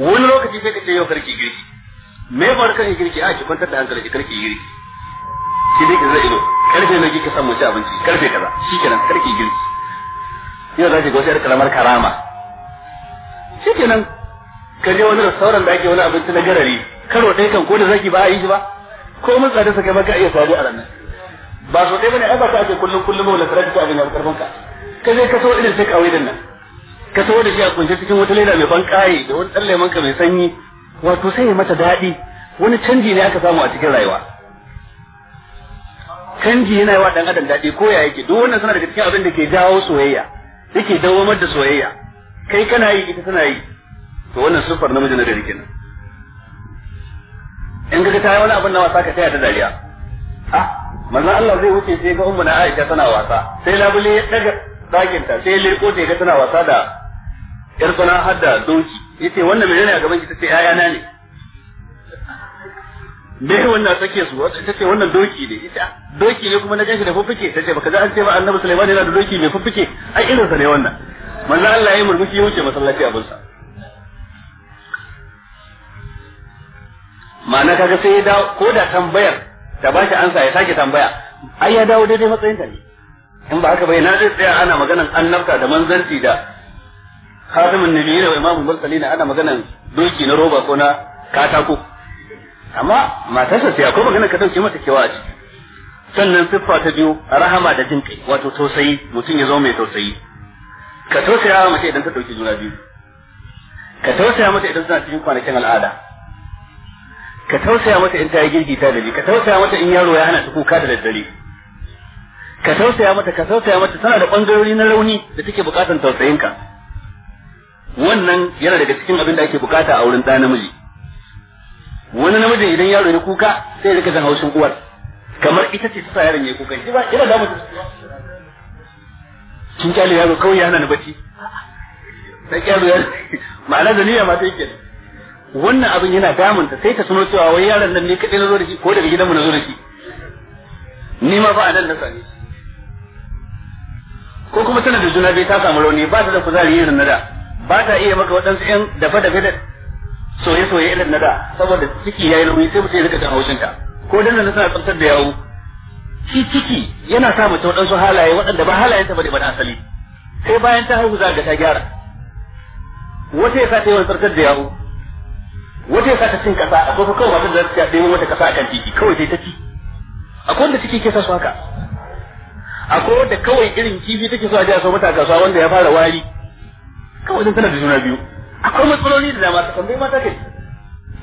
wani lokaci sai ka ce yau karki girki me ya faru karki girki a ki kwantar da hankali ki karki girki ki dai ki zai ido karfe na ki ka samu ci abinci karfe kaza shikenan karki girki yau za ki ga yar karamar karama shikenan ka je wani restaurant da ake wani abinci na garari karo ɗaya kan ko da zaki ba a yi shi ba ko mun tsada saka maka iya faru a ranar ba so ɗaya bane ai ba ka ake kullum kullum wala tsara ka abin ya karfin ka ka je ka so irin sai ka din nan ka tawo da shi a kunshe cikin wata leda mai ban kaye da wani dan lemon ka mai sanyi wato sai ya mata daɗi wani canji ne aka samu a cikin rayuwa canji yana yawa dan adam daɗi ko ya yake duk wannan suna daga cikin abin da ke jawo soyayya yake dawamar da soyayya kai kana yi ita tana yi to wannan sufar namiji na gari kenan in ga ta yi wani abin na wasa ka taya ta dariya ah manzon Allah zai wuce sai ga ummu na Aisha tana wasa sai labule ya daga dakin ta sai lirko ta ga tana wasa da yar tsana har da doki yace wannan menene a gaban ki tace na ne me wannan take su wata tace wannan doki ne ita ah, doki ne kuma na gashi da fuffuke tace baka ga an ce ba annabi Sulaiman yana da doki mai fuffuke ai irin sa ne wannan manzo Allah ya murmushi ya wuce masallaci abin sa ma'ana kaga sai ya dawo ko da tambayar ta bashi ansa ya sake tambaya ai ya dawo daidai matsayin ta ne in ba haka bai na zai tsaya ana maganan annabta da manzanci da khatamun nabiyyin imamu imamul mursalin ana maganan doki na roba ko na katako amma matarsa sai akwai maganar ka dauke mata kewa a ciki sannan siffa ta biyu rahama da jin kai wato tausayi mutum ya zama mai tausayi ka tausaya mata mace idan ta dauki juna biyu ka tausaya mata idan tana cikin kwanakin al'ada ka tausaya mata in ta yi girki ta dabi ka tausaya mata in yaro ya hana ta kuka da daddare ka tausaya mata ka tausaya mata tana da bangarori na rauni da take bukatan tausayinka wannan yana daga cikin abin da ake bukata a wurin ɗa namiji wani namiji idan yaro ya kuka sai rika jin haushin uwar kamar ita ce ta sa yaron ya kuka shi ba yana damu kin kyale yaro kawai yana na bacci sai yaro ya ma'ana da niyya ma ta yake wannan abin yana damunta sai ta tuno cewa wai yaron nan ne kaɗai na zo da shi ko daga gidanmu na zo da shi ni ma ba a nan na same ko kuma tana da juna bai ta samu rauni ba ta da kuzari irin na da ba ta iya maka waɗansu yan dafa dafa da soye-soye irin na da saboda ciki ya yi nauyi sai mutum ya rika haushin haushinta ko dan nan tana tsantar da yawo shi ciki yana sa mutum waɗansu halaye waɗanda ba halayen ta bane ba na asali sai bayan ta haihu za ga ta gyara wata ya sa ta yawan tsantar da yawo wata ya sa ta cin kasa akwai kofa kawai matar da ta ɗaya wata kasa akan titi kawai sai ta ci akwai wanda ciki ke sa su haka akwai wanda kawai irin kifi take so a ji a so mata kasuwa wanda ya fara wari kawai don tana da juna biyu akwai matsaloli da dama tambayi mata kai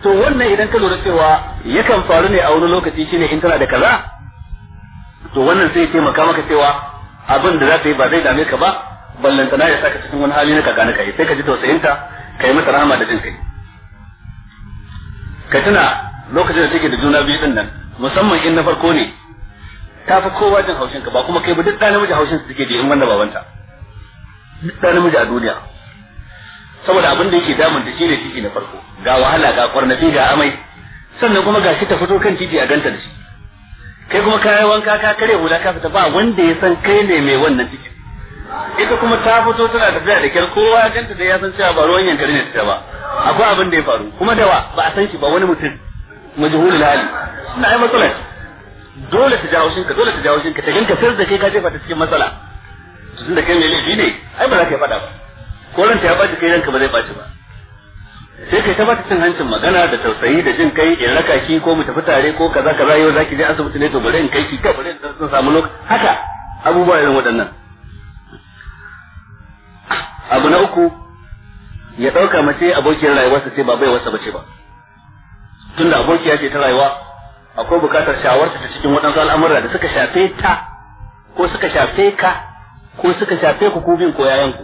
to wannan idan ka lura cewa yakan faru ne a wani lokaci shine in tana da kaza to wannan sai ya taimaka maka cewa abin da za ta yi ba zai dame ka ba tana ya saka cikin wani hali na kaka na kai sai ka ji tausayinta ka yi masa rahama da jin kai ka tuna lokacin da take da juna biyu din nan musamman in na farko ne ta fi kowa jin haushinka ba kuma kai ba duk ɗan namiji haushin su suke ji in wanda babanta duk ɗan namiji a duniya saboda abin da yake damun ta shine ciki na farko ga wahala ga kwarnafi ga amai sannan kuma ga shi ta fito kan titi a ganta da shi kai kuma ka yi wanka ka kare hula ka fita ba wanda ya san kai ne mai wannan titi ita kuma ta fito tana tafiya da kyar kowa ya ganta da ya san cewa ba ruwan yankari ne ta ba akwai abin da ya faru kuma da wa ba a san shi ba wani mutum majhulul hali na ai matsala dole ta jawo shinka dole ta jawo shinka ta ganka sai da kai ka jefa ta cikin matsala tunda kai mai laifi ne ai ba za ka yi fada ba ko ta ya baci kai ranka ba zai baci ba sai kai ta bata cin hancin magana da tausayi da jin kai in raka ki ko mu tafi tare ko kaza kaza yau zaki je asibiti ne to bari in kai ki ka bari in san samu lokaci haka abubuwa irin waɗannan abu na uku ya ɗauka mace abokiyar rayuwarsa ce ba bai wasa bace ba tunda abokiya ce ta rayuwa akwai bukatar shawarta ta cikin waɗansu al'amura da suka shafe ta ko suka shafe ka ko suka shafe ku ku bin ko yayan ku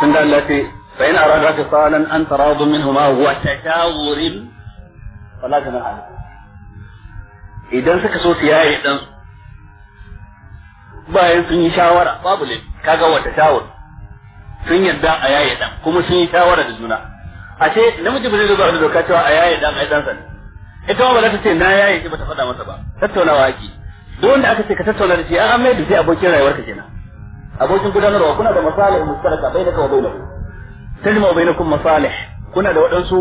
tun da Allah ce fa in arada fisalan an taradu minhuma wa tashawurin fala kana alaikum idan suka so su yaye dan bayan sun yi shawara babu ne kaga wata shawar sun yarda a yaye dan kuma sun yi shawara da juna a ce namiji ba zai zo ba da doka cewa a yaye dan ai dan sa ita ma ba za ta ce na yaye ki ba ta faɗa masa ba tattaunawa ake duk wanda aka ce ka tattauna da shi an mai da shi abokin rayuwarka kenan abokin gudanarwa kuna da masalih mustaraka bainaka wa bainahu tajma na bainakum masalih kuna da waɗansu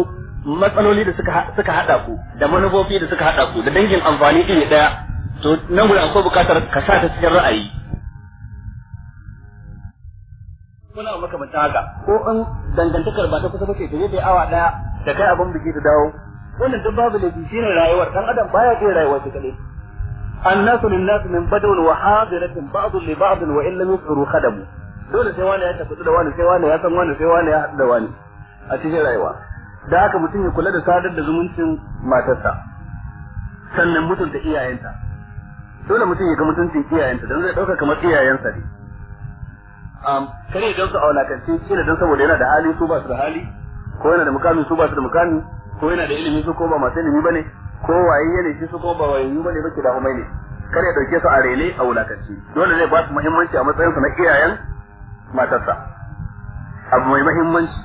matsaloli da suka suka hada ku da manufofi da suka hada ku da dangin amfani iri daya to nan gudan akwai bukatar ka sa ta cikin ra'ayi kuna makamanta haka ko in dangantakar ba ta kusa ba ce ta yadda awa daya da kai abin biki da dawo wannan duk babu laifi ne rayuwar dan adam baya iya rayuwar shi kadai الناس للناس من بدو وحاضرة بعض لبعض وإن لم يشعروا خدموا dole sai wani ya tafi da wani sai wani ya san wani sai wani ya haɗu da wani a cikin rayuwa da haka mutum ya kula da sadar da zumuncin matarsa sannan mutunta iyayenta dole mutum ya ga mutuncin iyayenta don zai ɗauka kamar iyayensa ne kar ya gansu a wulakance kila don saboda yana da hali su ba da hali ko yana da mukami su ba da mukami ko yana da ilimi su ko ba masu ilimi ba ne ko waye ne shi su ko ba wayayyu ne ba da umai ne kar ya dauke su a rene a wulakanci dole zai ba su muhimmanci a matsayin su na iyayen matarsa abu mai muhimmanci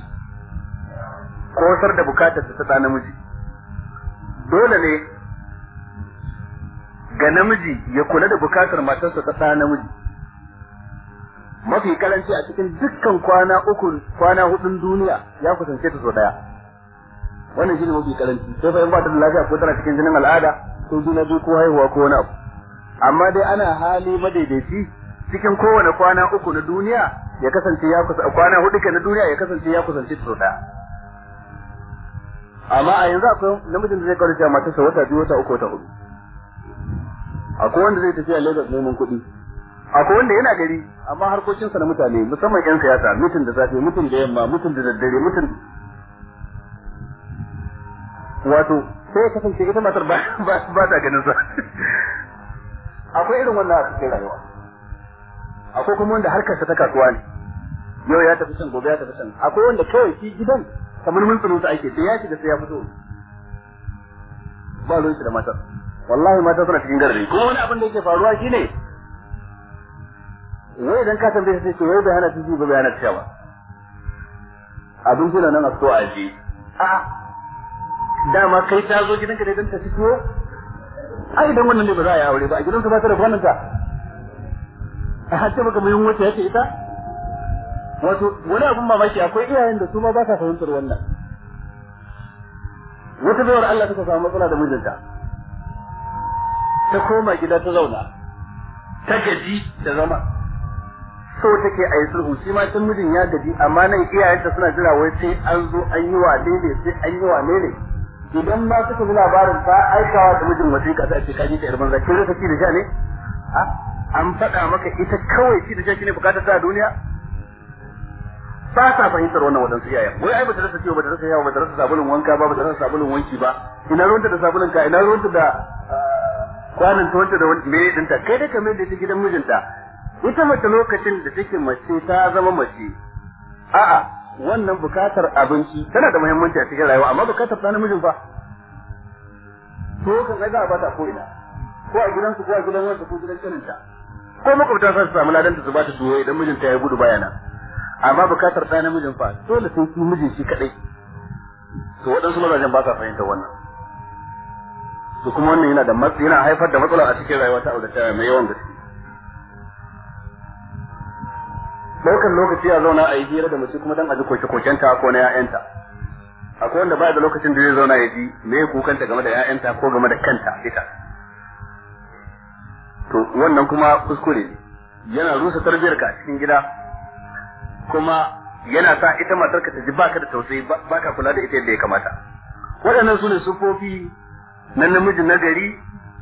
sar da bukatar ta ta namiji dole ne ga namiji ya kula da bukatar matarsa ta ta namiji mafi karanci a cikin dukkan kwana uku kwana hudun duniya ya kusance ta so daya wannan shine mafi karanci sai fa in ba ta da lafiya ko tana cikin jinin al'ada ko juna biyu ko haihuwa ko wani abu amma dai ana hali madaidaici cikin kowane kwana uku na duniya ya kasance ya kusa kwana hudu na duniya ya kasance ya kusanci sau daya amma a yanzu akwai namijin da zai karu cewa matarsa wata biyu wata uku wata hudu akwai wanda zai tafi a Lagos neman kuɗi akwai wanda yana gari amma harkokinsa na mutane musamman 'yan siyasa mutum da safe mutum da yamma mutum da daddare mutum wato sai ka kasance ita matar ba ba ta ganin sa akwai irin wannan a cikin rayuwa akwai kuma wanda harkar sa ta kasuwa ne yau ya tafi can gobe ya tafi can akwai wanda kawai shi gidan kamar mun tsaro ta ake sai ya shiga sai ya fito ba ruwan da matar wallahi mata suna cikin garari kuma wani abin da yake faruwa shine wai idan ka tambaye sai ce wai bai hana tiji ba bai hana cewa abin shi nan a so a ji a dama kai ta zo gidanka da don ta fito ai dan wannan ne ba za a yi aure ba a gidansa ba ta da kwanan ta a hajji maka mai wata ya ce ita wato wani abun mamaki akwai iyayen da su ma ba sa fahimtar wannan wata bayar Allah ta samu matsala da mijinta ta koma gida ta zauna ta gaji da zama so take a yi sulhu shi ma tun mijin ya gaji amma nan iyayenta suna jira wai sai an zo an yi wa ne sai an yi wa ne idan ba suka ji labarin ta aikawa da mijin wasiƙa sai a ce kaji ta irban zaki rasa ki da sha ne an faɗa maka ita kawai ki da sha ne bukatar ta a duniya ba sa fahimtar wannan waɗansu yaya. wai ai bata rasa ba bata rasa yawa bata rasa sabulun wanka ba bata rasa sabulun wanki ba ina ruwanta da sabulun ka ina ruwanta da ah, kwanan tuwanta da me dinta kai da kamar da ita gidan mijinta ita mace lokacin da take mace ta zama mace a'a wannan bukatar abinci tana da muhimmanci a cikin rayuwa amma bukatar ta namijin fa to kan ga ba ta ko ina ko a gidansu ko a gidan wanda ko gidan kaninta ko makwabta sai su samu ladan su ba ta tuwo idan mijinta ya gudu bayana amma bukatar ta namijin fa dole sai shi mijin shi kadai to waɗansu mazajen ba sa fahimtar wannan to kuma wannan yana da yana haifar da matsala a cikin rayuwa ta aure ta mai yawan gaske ɗaukar lokaci a zauna a yi hira da mace kuma dan a ji koke-kokenta ko na 'ya'yanta akwai wanda ba da lokacin da zai zauna ya ji me kukanta game da 'ya'yanta ko game da kanta ita to wannan kuma kuskure ne yana rusa tarbiyar ka a cikin gida kuma yana sa ita matar ka ta ji baka da tausayi baka kula da ita yadda ya kamata waɗannan su ne sufofi na namiji na gari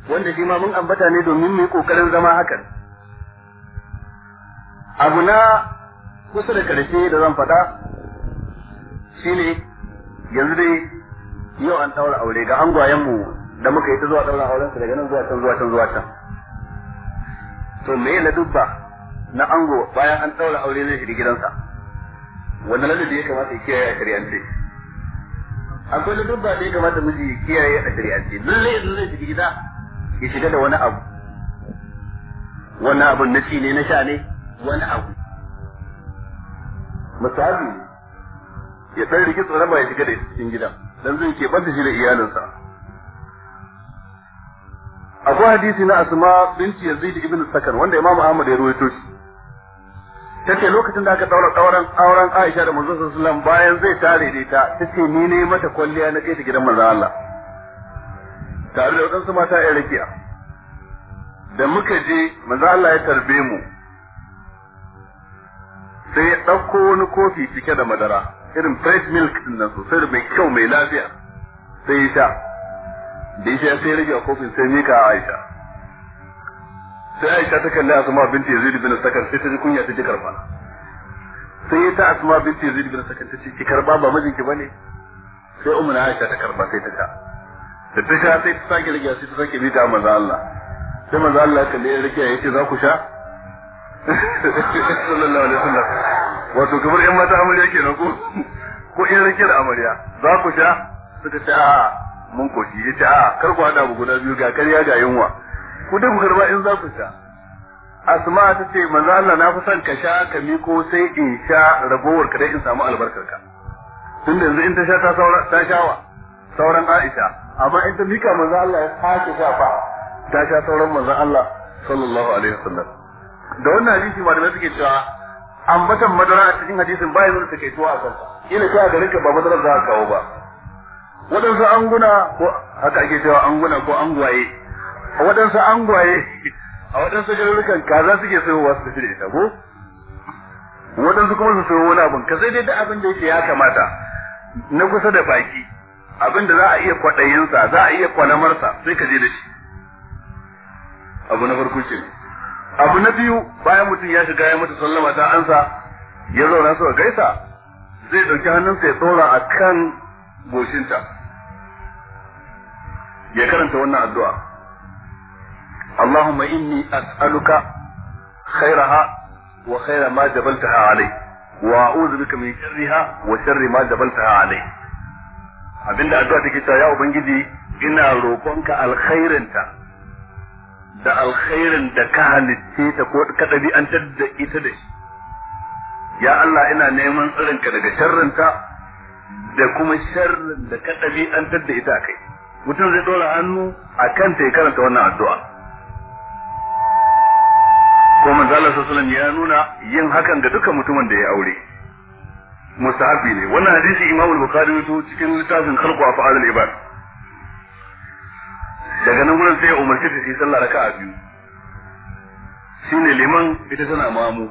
wanda shi ma mun ambata ne domin mu yi ƙoƙarin zama hakan abu na kusa da karshe da zan faɗa shine yanzu dai yau an ɗaura aure ga angwayenmu da muka yi ta zuwa ɗaura auren su daga nan zuwa can zuwa can zuwa can to me na dubba na ango bayan an tsawar aure zai shiga gidansa wannan ladabi ya kamata ya kiyaye a shari'ance akwai dubba da ya kamata miji ya kiyaye a shari'ance lalle yanzu zai shiga gida ya shiga da wani abu wannan abun na ci ne na sha ne wani abu misali ya san rigi tsoron ba ya shiga da cikin gidan dan zai ke banta shi da iyalinsa akwai hadisi na asma binti yazid ibn sakan wanda imamu ahmad ya ruwaito shi ce lokacin da aka daura dauran auren aisha da Manzon sallallahu alaihi wasallam bayan zai tare da ita tace ni ne mata kwalliya na kai ta gidan Manzon Allah tare da wadansu mata ya rakiya da muka je Manzon Allah ya tarbe mu sai ya ɗauko wani kofi cike da madara irin fresh milk din nan sosai da mai kyau mai lafiya sai ya sha da ya sha sai ya rage a kofin sai ya a Aisha sai Aisha ta kalli Asma binti Yazid bin sakar sai ta ji kunya ta ji karfa sai ya ta Asma binti Yazid bin sakar ta ce ki karba ba mijinki ne sai umma Aisha ta karba sai ta sha da ta sha sai ta sake rage sai ta sake mika manzo Allah sai manzo Allah ya kalle ya rage ya ce za ku sha sallallahu alaihi wasallam wato kamar yan mata amarya ke ko ko in da amarya za ku sha suka ce a mun koshi ya ce a kar ku hada abu guda biyu ga karya ga yunwa ku duk karba in za ku sha asma ta ce manzo Allah na fi son ka sha ka miko sai in sha ragowar ka dai in samu albarkar ka tun da yanzu in ta sha ta saura ta shawa sauran Aisha amma in ta mika manzo Allah ya ta sha fa ta sha sauran manzo Allah sallallahu alaihi wasallam da wannan hadisi malamai suke cewa ambatan madara a cikin hadisin ba yanzu suke tuwa a kansa ina cewa garin ka ba madara za a kawo ba waɗansu anguna ko haka ake cewa anguna ko angwaye a waɗansu angwaye a waɗansu garurukan kaza suke sayowa su tafi da ita ko waɗansu kuma su sayo wani abin ka sai dai da abin da yake ya kamata na kusa da baki abin da za a iya kwaɗayinsa za a iya kwalamarsa sai ka je da shi abu na farko ne abu na biyu bayan mutum ya shiga ya mutu sallama ta ansa ya zauna suka gaisa zai ɗauki hannunsa ya tsora a kan goshinta ya karanta wannan addu'a Allahumma inni as'aluka khairaha wa khaira ma jabaltaha alai wa a'udhu bika min sharriha wa sharri ma jabaltaha alai abinda addu'a take cewa ya ubangiji ina roƙonka alkhairinta da alkhairin da ka halitte ta ko ka ɗabi'antar da ita da shi ya Allah ina neman tsirinka daga sharrinta da kuma sharrin da ka ɗabi'antar da ita kai mutum zai ɗora hannu a kan ta karanta wannan addu'a ko manzala sallallahu ya nuna yin hakan ga dukkan mutumin da ya aure mustahabi ne wannan hadisi imamul bukhari ya cikin littafin khalqu afal ibad daga nan gurin sai ya umarci ta yi sallah raka'a biyu ne liman ita tana mamu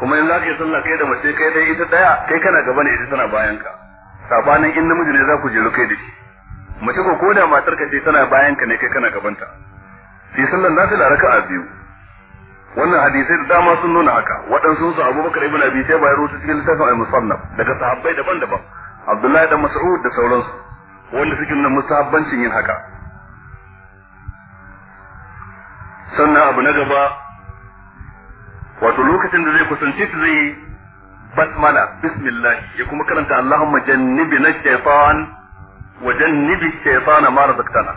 kuma in za ka yi sallah kai da mace kai dai ita daya kai kana gaba ne ita tana bayan ka sabanin in namiji ne za ku jeru kai da shi mace ko koda matar ka ce tana bayan ka ne kai kana gabanta sai sallan za ta da raka'a biyu wannan hadisai da dama sun nuna haka waɗansu su abubakar ibn abi shayba ya rubuta cikin littafin al-musannaf daga sahabbai daban-daban abdullahi da mas'ud da sauransu wanda suke nuna musabbancin yin haka sannan abu na gaba wato lokacin da zai kusance ta zai basmala bismillah ya kuma karanta Allahumma jannibi na shaytan wa jannibi shaytana ma razaqtana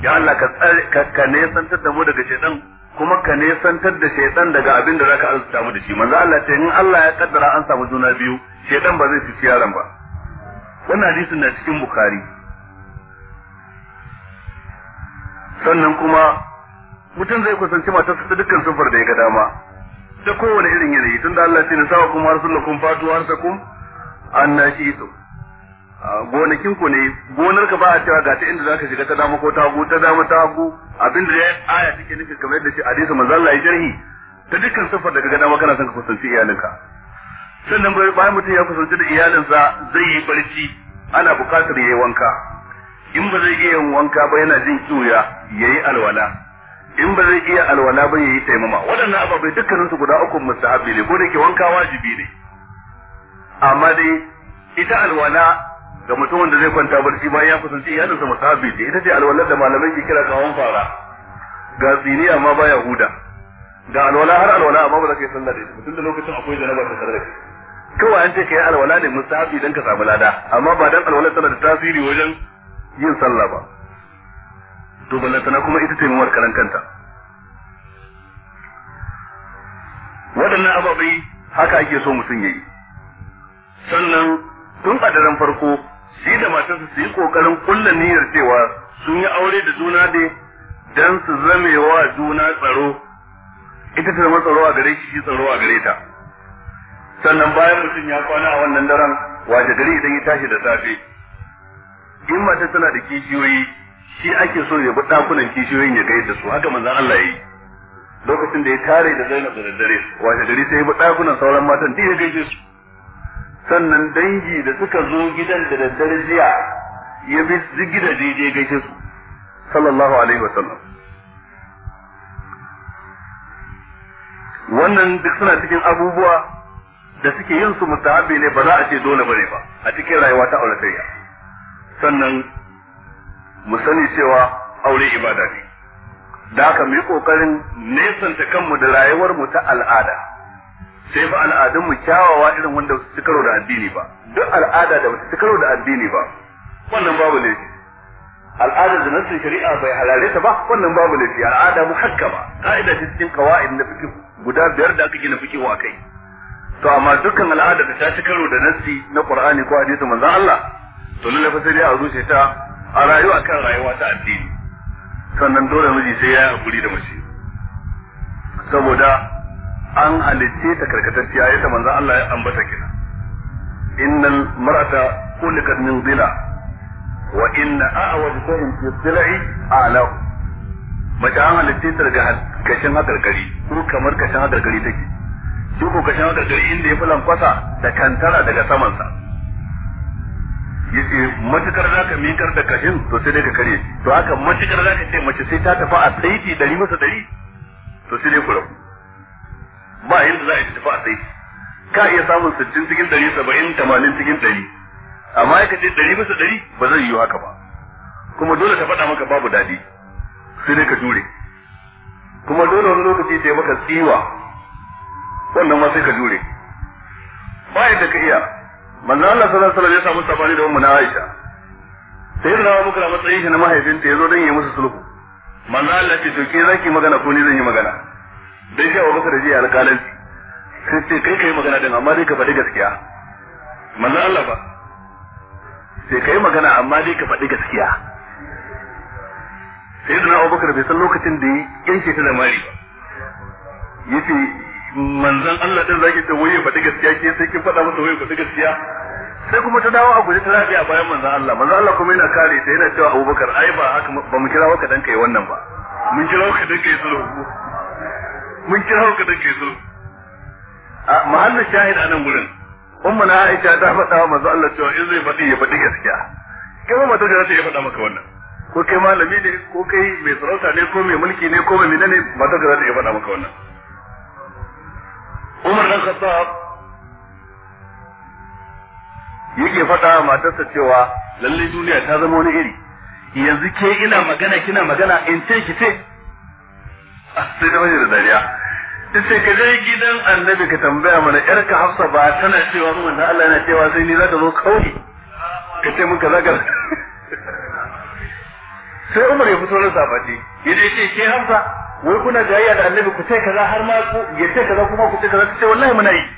ya Allah ka ka, ka nesantar da mu daga shaytan kuma ka nesantar da shaytan daga abin da zaka arzuta mu da shi manzo Allah ce in Allah ya kaddara an samu juna biyu shaytan ba zai ci yaron ba wannan hadisin na cikin bukari sannan kuma mutum zai kusanci matarsa ta dukkan sufar da ya ga dama ta kowane irin yanayi da Allah ce na sawa kuma har sullakun fatu har kun an na shi ito gonakin ku ne gonar ka ba a cewa ga ta inda ka shiga ta dama ko ta hagu ta dama ta hagu abinda ya aya take nufi kamar yadda shi hadisi manzo Allah ya jarhi ta dukkan sufar da ka ga dama kana son ka kusanci iyalinka sannan bayan mutum ya kusanci da iyalinsa zai yi barci ana bukatar yayi wanka in ba zai iya yin wanka ba yana jin kiwuya yayi alwala in ba zai iya alwala ba yayi taimama waɗannan ababai dukkaninsu guda uku mustahabi ne ko da ke wanka wajibi ne amma dai ita alwala ga mutum wanda zai kwanta barci bayan ya kusanci iyalinsa mustahabi ne, ita ce alwala da malamai ke kira kawon fara ga tsini amma baya huda Da alwala har alwala amma ba za ka yi sallah da ita mutum da lokacin akwai janaba ta tare da kawai an ce ka yi alwala ne musafi don ka samu lada amma ba don alwala tana da tasiri wajen yin sallah ba to tana kuma ita taimawar karan kanta waɗannan ababai haka ake so mutum ya yi sannan tun a daren farko shi da matarsa su yi kokarin kulla niyyar cewa sun yi aure da juna ne don su zamewa juna tsaro ita ta zama tsaro a gare shi shi tsaro a gare ta sannan bayan mutum ya kwana a wannan daren wace gari idan ya tashi da safe in mata tana da kishiyoyi shi ake so ya bi dakunan kishiyoyin ya gaida su haka manzon Allah yi. lokacin da ya tare da Zainab da daddare wace gari sai ya bi dakunan sauran matan da ya gaida su sannan dangi da suka zo gidan da daddare jiya ya bi zigida ya gaida su sallallahu alaihi wa sallam wannan duk suna cikin abubuwa da suke yin su mustahabi ne ba za a ce dole bane ba a cikin rayuwa ta auratayya sannan mu sani cewa aure ibada ne da haka mu yi kokarin nesanta kanmu da rayuwar mu ta al'ada sai ba al'adun mu kyawawa irin wanda su karo da addini ba duk al'ada da su karo da addini ba wannan babu laifi al'adar da nassin shari'a bai halare ta ba wannan babu laifi al'ada ba. ka'ida ce cikin kawa'id na fiqh guda biyar da aka gina fiqh wa kai to amma dukkan al'ada ta ci karo da nassi na qur'ani ko hadisi manzon Allah to lalle fa sai a rushe ta a rayuwa kan rayuwa ta addini sannan dole miji sai ya hakuri da mace saboda an halicce ta karkatar karkatacciya yadda manzon Allah ya ambata kina innal mar'ata khuliqat min dhila wa inna a'wajukum fi dhila'i a'la mace an halicce ta daga kashin hakarkari ko kamar kashin hakarkari take duku ka shawo da inda ya fi lankwasa da kantara daga samansa yace matukar zaka mikar da kashin to sai dai ka kare to haka matukar zaka ce mace sai ta tafi a tsaiti dari masa dari to sai dai ku rabu ba yanda za a yi tafi a tsaiti ka iya samun sittin cikin dari saba'in tamanin cikin dari amma ya ce dari masa dari ba zai yiwu haka ba kuma dole ta faɗa maka babu daɗi sai dai ka jure kuma dole wani lokaci ta yi maka tsiwa wannan ma sai ka jure ba yadda ka iya manzo Allah sallallahu alaihi wasallam ya samu sabani da ummu na Aisha sai da nawa muka matsayin shi na mahaifinta yazo dan yi musu sulhu manzo Allah ce to ke zaki magana ko ni zan yi magana dai sai Abubakar da ji alƙalanci sai sai kai kai magana din amma dai ka faɗi gaskiya manzo Allah ba sai kai magana amma dai ka faɗi gaskiya sai da Abubakar bai san lokacin da yanke ta da mari ba yace Manzan Allah din zaki ta waye faɗi gaskiya ke sai kin faɗa masa waye faɗi gaskiya sai kuma ta dawo a guje ta rafi a bayan manzan Allah manzan Allah kuma yana kare ta yana cewa Abubakar ai ba haka ba mu kira ka dan kai wannan ba mun kira ka dan kai sulhu mun kira ka dan kai sulhu a mahallin shahid a nan gurin umma na Aisha ta faɗa wa manzan Allah cewa in zai faɗi ya faɗi gaskiya kai ma ta ga ta ya faɗa maka wannan ko kai malami ne ko kai mai sarauta ne ko mai mulki ne ko mai menene ba ta ga ta ya faɗa maka wannan Umar dan Khattab yake faɗa matarsa cewa lalle duniya ta zama wani iri yanzu ke ina magana kina magana in ce ki ce ah, sai da da dariya sai ka je gidan annabi ka tambaya mana yar ka hafsa ba tana cewa mun da Allah yana cewa sai ni za ka zo kauri ka ce mun kaza kaza sai Umar ya fito na sabati ya ce ke hafsa wai kuna jayayya da annabi ku sai kaza har ma ku ya sai kaza kuma ku sai kaza ce wallahi muna yi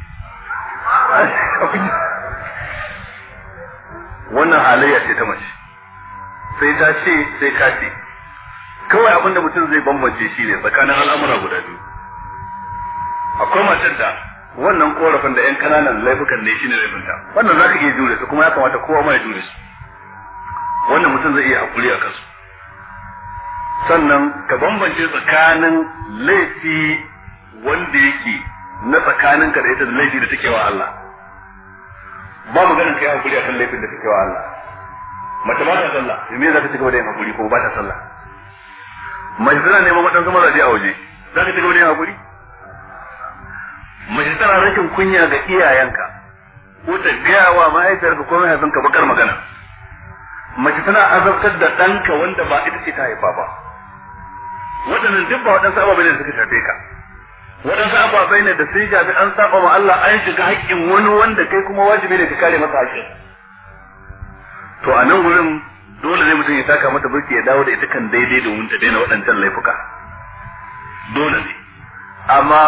wannan halayya ce ta mace sai ta ce sai ka ce kawai abin da mutum zai bambance shi ne tsakanin al'amura guda biyu akwai macen da wannan korafin da yan kananan laifukan ne shine laifinta wannan zaka iya jure su kuma ya kamata kowa ma ya jure su wannan mutum zai iya hakuri a kansu sannan ka bambance tsakanin laifi wanda yake na tsakanin ka da ita da laifi da take wa Allah ba ganin kai hakuri akan laifin da take wa Allah mace ba ta sallah me za ta ci gaba da yin hakuri ko ba ta sallah mace tana neman waɗansu mazaje a waje za ka ci gaba da yin hakuri mace tana rashin kunya ga iyayenka ko ta gaya wa mahaifiyarka ko mahaifinka bakar magana mace tana azabtar da ɗanka wanda ba ita ce ta haifa ba waɗannan duk ba waɗansu ababai ne da suka shafe ka waɗansu ababai ne da sai an saba ma Allah an shiga haƙƙin wani wanda kai kuma wajibi ne ka kare masa haƙƙin to a nan wurin dole ne mutum ya taka mata burki ya dawo da ita kan daidai domin ta daina waɗancan laifuka dole ne amma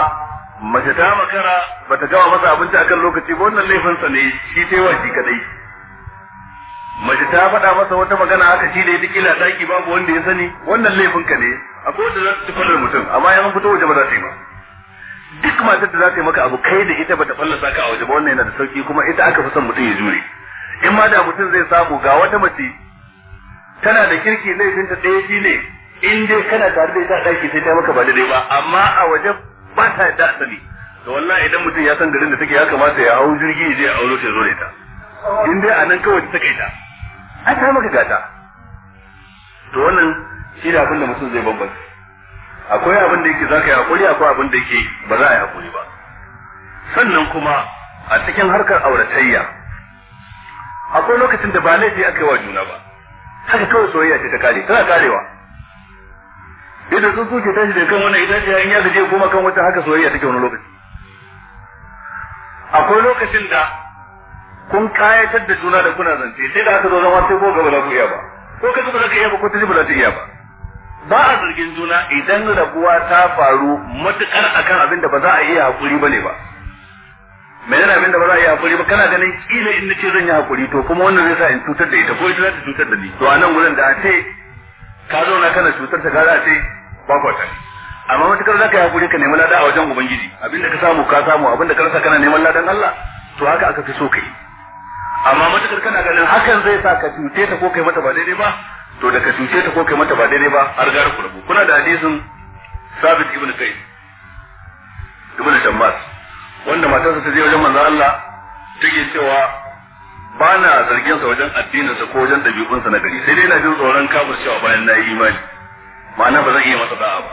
mace ta makara ba ta gawa masa abinci akan lokaci ba wannan laifinsa ne shi ta yawa shi kadai mace ta faɗa masa wata magana haka shi da ya kila daki babu wanda ya sani wannan laifinka ne akwai da za su fallar mutum amma ya fito waje ba za ta yi ba duk matar da za ta yi maka abu kai da ita ta fallasa ka a waje ba wannan yana da sauki kuma ita aka fi son mutum ya jure in ma da mutum zai samu ga wata mace tana da kirki laifin ta ɗaya shi ne in dai kana tare da ita a ɗaki sai ta maka ba daidai ba amma a waje ba ta da asali to wallahi idan mutum ya san garin da take ya kamata ya hau jirgi ya je a aure ta zo da ita in dai a nan kawai ta kai ta an ta maka gata to wannan shi da abin da mutum zai bambanta akwai abin da yake zaka yi hakuri akwai abin da yake ba za a yi hakuri ba sannan kuma a cikin harkar auratayya akwai lokacin da ba laifi aka yi wa juna ba haka kawai soyayya ce ta kare tana karewa yadda sun suke tashi da kan wannan idan yayin ya gaje kuma kan wata haka soyayya take wani lokaci akwai lokacin da kun kayatar da juna da kuna zance sai da aka zo zama sai ko gaba na ku iya ba ko kaji ba za ka iya ba ko ta ji ba za ta iya ba ba a zargin juna idan rabuwa ta faru matukar akan abin da ba za a iya hakuri bane ba menene abin da ba za a iya hakuri ba kana ganin kila in nace zan yi hakuri to kuma wannan zai sa in cutar da ita ko ita za ta cutar da ni to a nan gurin da a ce ka zauna kana cutar ta gara a ce ba kwata amma matukar za ka yi hakuri ka nemi lada a wajen ubangiji abin da ka samu ka samu abin da ka rasa kana neman ladan Allah to haka aka fi so ka yi amma matukar kana ganin hakan zai sa ka cuce ta ko kai mata ba daidai ba to da ka cuce ta ko kai mata ba daidai ba har gara ku rabu kuna da hadisin sabit ibn qais ibn shammas wanda matarsa ta je wajen manzon Allah take cewa ba na zargin sa wajen addinin sa ko wajen dabi'un sa na gari sai dai na jin tsoron kafir cewa bayan na yi imani ma'ana ba zan iya masa da'a ba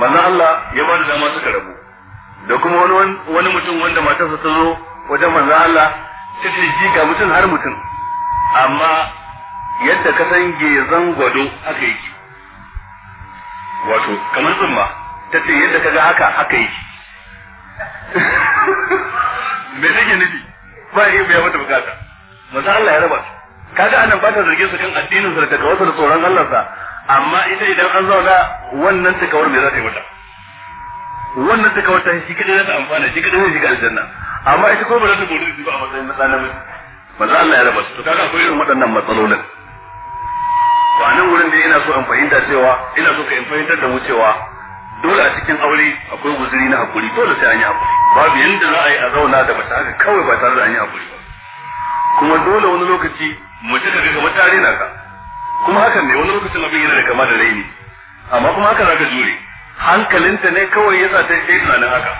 manzon Allah ya ba da dama suka rabu da kuma wani wani mutum wanda matarsa ta zo wajen manzon Allah ta ce ji ga mutum har mutum amma yadda ka san gezan gwado aka yi wato kamar ba ta ce yadda ka ga haka aka yi me take nufi ba iya biya mata bukata manzo Allah ya raba kaga anan ba ta zargin su kan addinin sa da kawarsa da tsoron Allah sa amma ita idan an zauna wannan takawar me za ta yi mata wannan takawar ta shi kadai za ta amfana shi kadai zai shiga aljanna amma ita ko ba za ta su ba a matsayin na maza Allah ya raba su to kaga akwai irin waɗannan matsalolin to a nan wurin da ina so in fahimta cewa ina so ka in fahimtar da mu cewa dole a cikin aure akwai guzuri na hakuri dole sai an yi hakuri babu yanda za a yi a zauna da mace haka kawai ba tare da an yi hakuri ba kuma dole wani lokaci mace ka ga kamar tare na ka kuma hakan ne wani lokacin abin yana da kama da raini amma kuma haka za ka jure hankalinta ne kawai yasa ta yi tunanin haka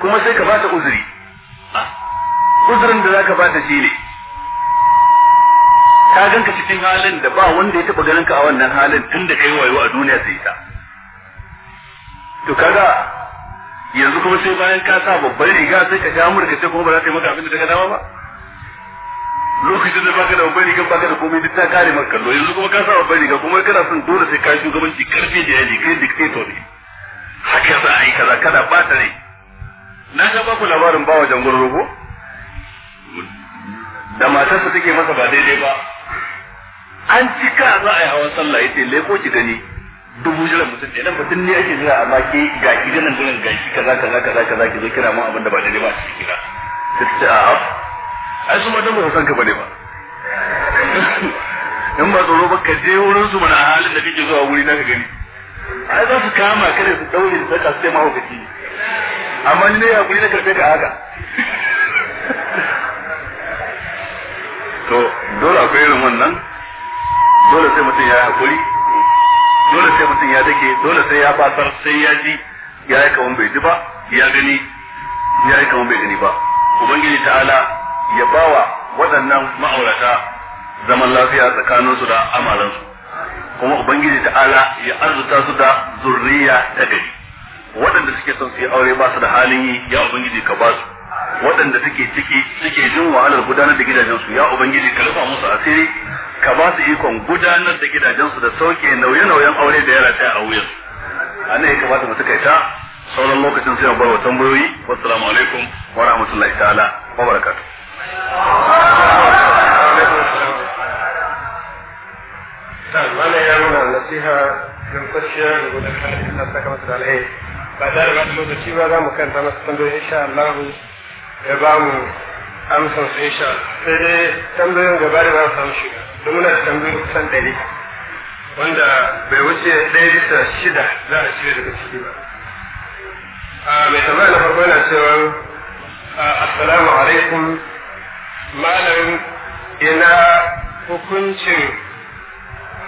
kuma sai ka ba ta uzuri ah, uzurin da za ka ba ta shi ne ka ganka cikin halin da ba wanda ya taba ganin ka a wannan halin tun da kai wayo a duniya sai ta to kaga yanzu kuma sai bayan ka sa babbar riga sai ka ga murka sai kuma ba za ta yi maka abin da ta dawo ba lokacin da baka da babbar riga baka da komai duk ta kare maka kallo yanzu kuma ka sa babbar riga kuma kana son dole sai ka shugabanci karfe da yaji kai dictator ne haka za a yi kaza kada bata ne. na ga ba ku labarin bawa jangon rogo da matarsa take masa ba daidai ba an cika za a yi hawan sallah ce, leko ki gani dubu jiran mutum ɗaya nan mutum ne ake jira amma ke ga ki ganin ganin ga ki kaza kaza kaza kaza ki zo kira mu abin da ba daidai ba a cikin kira sai ta ce a'a ai su ma dan ba san ka bane ba in ba tsoro ba ka je wurin su mana halin da kake zuwa wuri na ka gani ai za su kama ka da su daure ka sai ma ka ci amma ni ne ya kuli na karfe ka haka to dole akwai irin wannan dole sai mutum ya hakuri dole sai mutum ya dake dole sai ya fasar sai ya ji ya yi kawan bai ji ba ya gani ya yi kawun bai gani ba ubangiji ta'ala ya bawa waɗannan ma'aurata zaman lafiya tsakaninsu da amalansu kuma ubangiji ta'ala ya arzuta su da zurriya ta gari waɗanda suke son su yi aure ba su da halin yi ya ubangiji ka ba su waɗanda suke ciki suke jin wahalar gudanar da gidajensu ya ubangiji ka rufa musu asiri ka ba su ikon gudanar da gidajensu da sauke nauye-nauyen aure da yara ta a wuyan a nan ya kamata mu suka ta sauran lokacin sai bar wa tambayoyi wassalamu alaikum wa rahmatullahi ta'ala wa barakatuh mana ya nuna nasiha don kwaciya da gudun kanin Allah saka masa da alheri ba da da wani lokaci ba za mu kanta masa tambayoyi insha Allah ya ba mu amsan insha Allah sai dai tambayoyin gaba da ba mu samu shiga dumuna muna da tambayi kusan ɗari wanda bai wuce ɗaya bisa shida za a cire daga ciki ba a mai tambaya na farko yana cewa assalamu alaikum malam ina hukuncin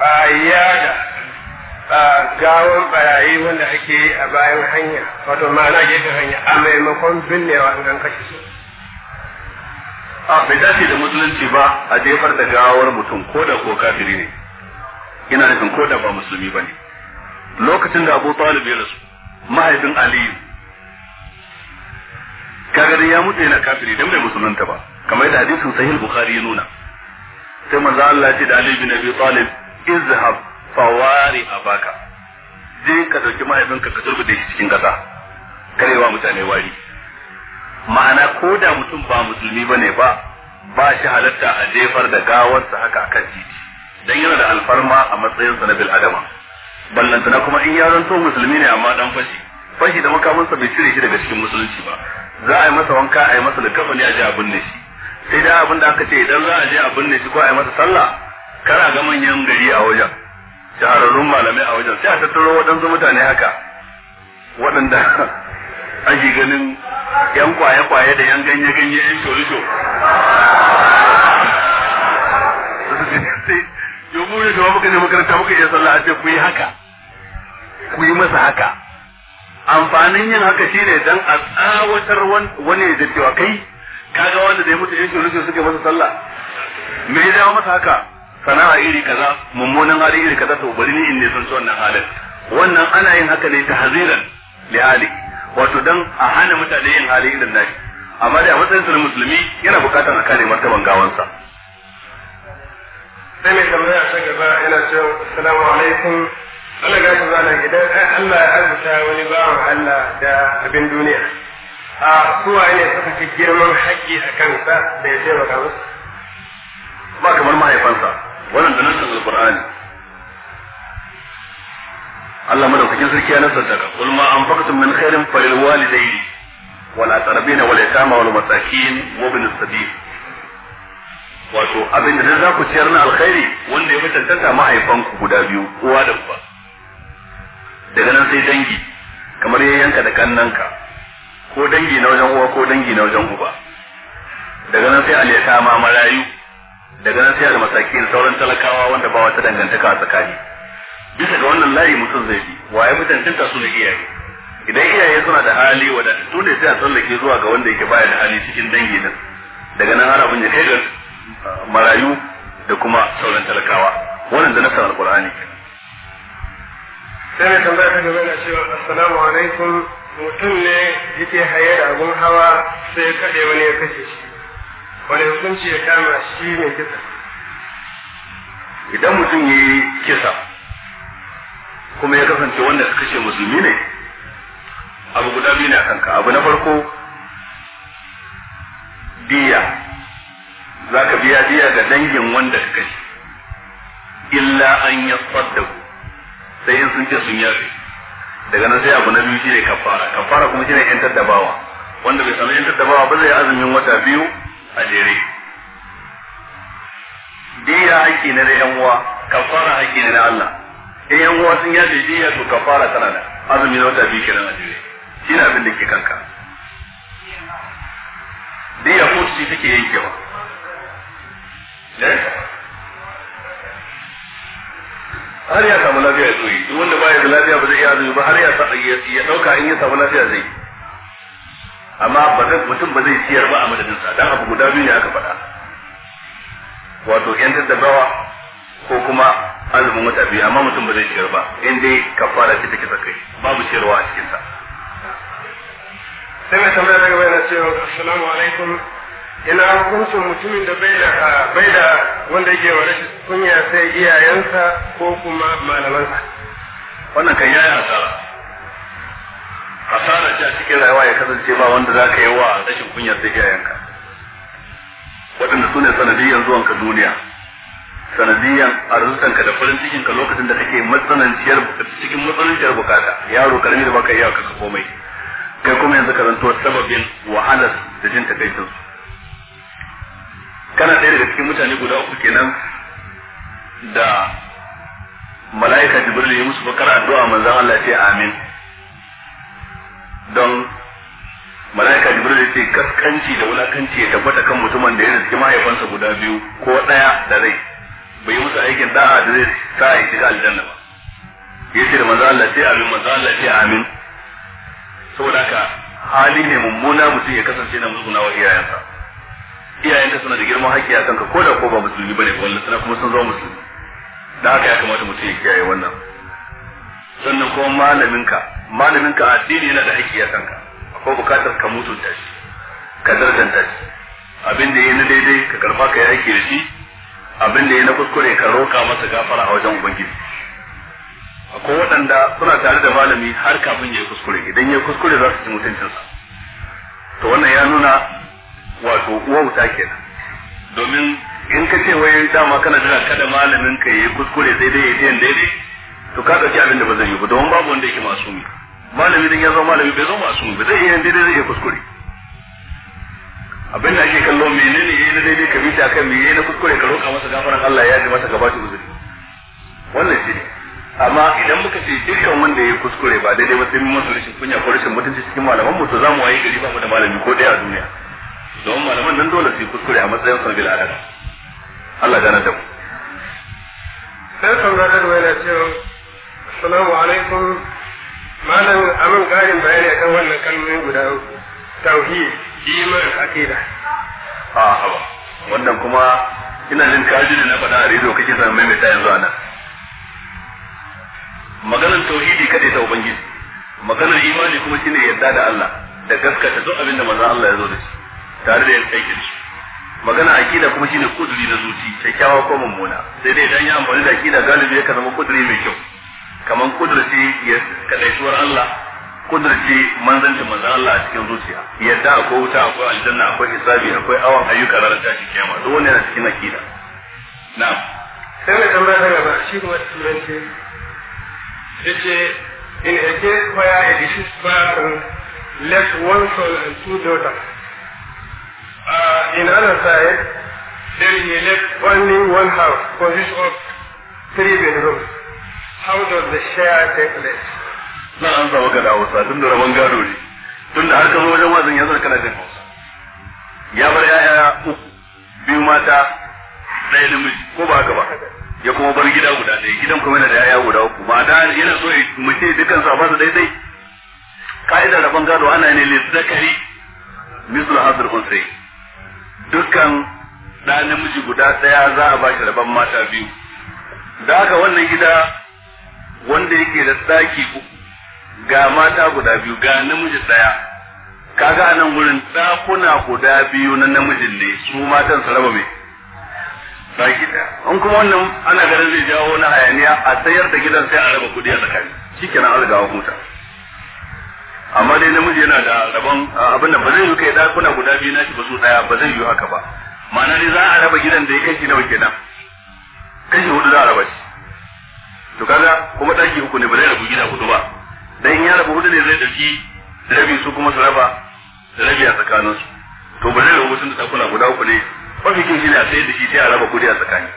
a yada a gawon barayi wanda ake a bayan hanya wato ma'ana gefen hanya a maimakon binnewa an kashe su a bai dace da musulunci ba a jefar da gawar mutum ko da ko kafiri ne ina nufin ko da ba musulmi ba ne lokacin da abu talib ya rasu mahaifin aliyu kaga ya mutu yana kafiri dan bai musulunta ba kamar yadda hadisin sahih bukhari ya nuna sai manzo Allah ya ce da Ali bin Abi Talib izhab fawari abaka je ka dauki mahaifinka ka turbe da shi cikin kasa karewa mutane wari ma'ana ko da mutum ba musulmi bane ba ba shi halatta a jefar da gawarsa haka a kan titi Don yana da alfarma a matsayinsa na bil'adama. adama ballantana kuma in ya zanto musulmi ne amma dan fashi fashi da makamansa bai cire shi daga cikin musulunci ba za a yi masa wanka a yi masa da kafa ne a je a binne shi sai da abin da aka ce idan za a je a binne shi ko a yi masa sallah kar ga manyan gari a wajen shahararrun malamai a wajen sai a tattaro waɗansu mutane haka waɗanda ake ganin yan kwaye-kwaye da yan ganye-ganye yan shorisho yau mu ne shawar muka je makaranta muka iya sallah a ce ku yi haka ku yi masa haka amfanin yin haka shine dan a tsawatar wani da cewa kai kaga wanda da ya mutu yan shorisho suke masa sallah me ya dawo masa haka sana'a iri kaza mummunan hali iri kaza to bari ni in ne san wannan halin wannan ana yin haka ne ta haziran li'ali. wato dan a hana mutane yin hali irin nashi amma dai a matsayin na musulmi yana bukatar a kare martaban gawansa sai mai tambaya ta gaba yana cewa assalamu alaikum Allah ga ta zana idan Allah ya azuta wani bawan Allah da abin duniya a kuwa ne suka fi girman haƙƙi a kansa da ya taimaka musu ba kamar mahaifansa wannan da nassin alqur'ani Allah madaukakin sarki ya nasar ka kul ma anfaqtum min khairin falil walidayni wal aqrabin wal yatama wal masakin wa ibn sabil wato abin da za ku ciyar na alkhairi wanda ya mutuntanta mahaifanku guda biyu uwa da uba daga nan sai dangi kamar yayyanka da kannanka ko dangi na wajen uwa ko dangi na wajen uba daga nan sai aliyata ma marayu daga nan sai almasakin sauran talakawa wanda ba wata dangantaka a tsakani bisa ga wannan layi mutum zai bi waye mutuntunta su ne iyaye idan iyaye suna da hali wa su ne sai a tsallake zuwa ga wanda yake baya da hali cikin dangi din daga nan har ya kai ga ah, marayu da kuma sauran talakawa wannan da nasar alqur'ani sai mai tambaya ta gaba na cewa assalamu alaikum mutum ne yake haye da abun hawa sai kaɗe wani ya kashe shi wani hukunci ya kama shi ne kisa idan mutum ya yi kisa kuma ya kasance wanda suka ce musulmi ne abu guda biyu ne a kanka abu na farko diya za ka biya diya ga dangin wanda suka ce illa an ya saddaku sai in sun ce sun yafe daga nan sai abu na biyu shine kafara kafara kuma shine ne da bawa wanda bai samu yan tattabawa ba zai azumin wata biyu a jere diya haƙƙi ne na yan uwa kafara haƙƙi ne na Allah in eh, yan uwa sun yafe biya to kafara tana da azumi na wata biyu kenan a Shi shine abin da ke kanka diya ko shi take yankewa eh? har ya samu lafiya ya zoye duk wanda baya da lafiya ba zai iya azumi ba har ya ya dauka in ya samu lafiya zai amma ba zai mutum ba zai ciyar ba a madadin sa dan abu guda biyu ne aka faɗa wato yan daddabawa ko kuma azumin wata biyu amma mutum ba zai ciyar ba in dai kafara ce take zakai babu ciyarwa a cikin sa sai mai tambaya daga bayan cewa assalamu alaikum ina hukuncin mutumin da bai da bai da wanda yake wa rashin kunya sai iyayensa ko kuma malamansa wannan kan yaya asara asara ce a cikin rayuwa ya kasance ba wanda za ka yi wa rashin kunya sai iyayenka waɗanda su ne sanadiyyar zuwanka duniya sanadiyan arzikanka da farin cikin ka lokacin da kake matsananciyar cikin matsananciyar bukata yaro karami da baka iya ka komai kai kuma yanzu ka sababin wahalar da jin takaicin kana ɗaya daga cikin mutane guda uku kenan da mala'ika jibril ya musu bakar addu'a manzon Allah ce amin don mala'ika jibril ya ce kaskanci da wulakanci ya tabbata kan mutumin da ya riski mahaifansa guda biyu ko ɗaya da rai bai musu aikin da'a da zai sa a shiga aljanna ba yace da manzo Allah sai amin manzo Allah sai amin saboda haka hali ne mummuna mutum ya kasance na musguna wa iyayensa iyayenka suna da girman haƙƙi a kanka ko da ko ba musulmi bane wallahi suna kuma sun zama musulmi da haka ya kamata mutum ya kiyaye wannan sannan kuma malaminka malaminka addini yana da haƙƙi a kanka akwai buƙatar ka mutunta shi ka dardanta shi abin da ya na daidai ka karfa ka yi aiki da shi abin da ya na kuskure ka roƙa masa gafara a wajen ubangiji ko waɗanda suna tare da malami har kafin ya yi kuskure idan ya yi kuskure za su ci mutuncinsa to wannan ya nuna wato wauta kenan domin in ka ce wai dama kana jira kada malamin ka yi kuskure sai dai ya yi daidai to ka ɗauki abin da ba zai yi ba domin babu wanda yake mi malami din ya zama malami bai zama mi ba zai iya daidai zai iya kuskure abinda da ake kallo menene yayi na daidai ka bita kan me yayi na kuskure ka roka masa gafaran Allah ya ji masa gaba da uzuri wannan shi amma idan muka ce dukkan wanda yayi kuskure ba daidai ba sai mun masa rashin kunya ko rashin mutunci cikin malaman mu to zamu wayi gari ba mu da malami ko daya a duniya don malaman nan dole su yi kuskure a matsayin sun bil adal Allah gana da mu sai kan ga da wani cewa assalamu alaikum malam amin garin bayani akan wannan kalmomi guda uku tauhid imanin akida a hawa wannan kuma ina jin kaji da na faɗa a rediyo kake zama maimaita yanzu anan. maganar tauhidi kaɗai ta ubangiji maganar imani kuma shine yadda da Allah da gaskata duk abin da manzon Allah ya zo da shi tare da yin aikin shi magana akida kuma shine kuduri na zuci kyakkyawa ko mummuna sai dai idan ya amfani da akida galibi ya zama kuduri mai kyau kaman kudurci ya kadaituwar Allah kudurci manzancin manzan Allah a cikin zuciya yadda akwai wuta akwai aljanna akwai hisabi akwai awon ayyuka ranar tashin kiyama duk wani yana cikin akida na'am sai mai tambaya ta gaba shi kuma turanci yace in a case where a deceased person left one son and two daughters uh, in other side then he left only one house consists of three bedrooms how does the share take place za an zama maka da hausa tun da rabon gado ne tun da har ka zo wajen wazin yanzu kana jin hausa ya bar ya'ya uku biyu mata ɗaya miji ko ba haka ba ya kuma bar gida guda ɗaya gidan kuma yana da ya'ya guda uku ma da yana so mace dukan sa ba su daidai ka'idar rabon gado ana ne lizzakari mislu hazir unsai dukkan ɗa namiji guda ɗaya za a ba shi rabon mata biyu da haka wannan gida wanda yake da tsaki uku ga mata guda biyu ga namiji daya kaga anan wurin dakuna guda biyu na namijin ne su matan su raba mai baki ɗaya. in kuma wannan ana ganin zai jawo na hayaniya a sayar da gidan sai a raba kudi a tsakani shikenan an riga hukunta amma dai namiji yana da rabon abin da ba zai yi kai dakuna guda biyu na shi ba su daya ba zai yi haka ba ma'ana dai za a raba gidan da ya kashi nawa kenan kashi hudu za a raba shi to kaga kuma daki uku ne ba zai rabu gida hudu ba dan in ya rabu hudu ne zai dauki rabi su kuma su raba rabi a tsakanin su to ba zai rabu sun da dakuna guda uku ne mafikin shi ne a sayar da shi sai a raba kudi a tsakani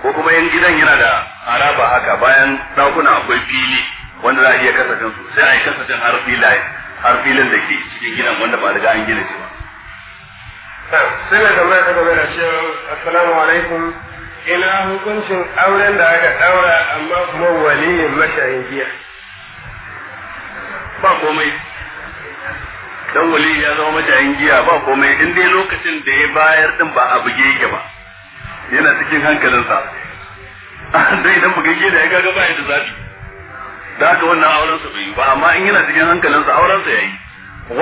ko kuma yan gidan yana da araba haka bayan dakuna akwai fili wanda za a iya kasafin su sai a yi kasafin har filaye har filin da ke cikin gidan wanda ba riga an gina shi ba. Sai ta tambaya ta gaba da cewa Assalamu alaikum ina hukuncin auren da aka daura amma kuma waliyin mashayin giya ba komai dan wali ya zama mashayin giya ba komai in dai lokacin da ya bayar din ba a buge yake ba yana cikin hankalinsa dan idan yake da ya gaga ba da zafi da haka wannan auren sa ba amma in yana cikin hankalinsa auren sa yayi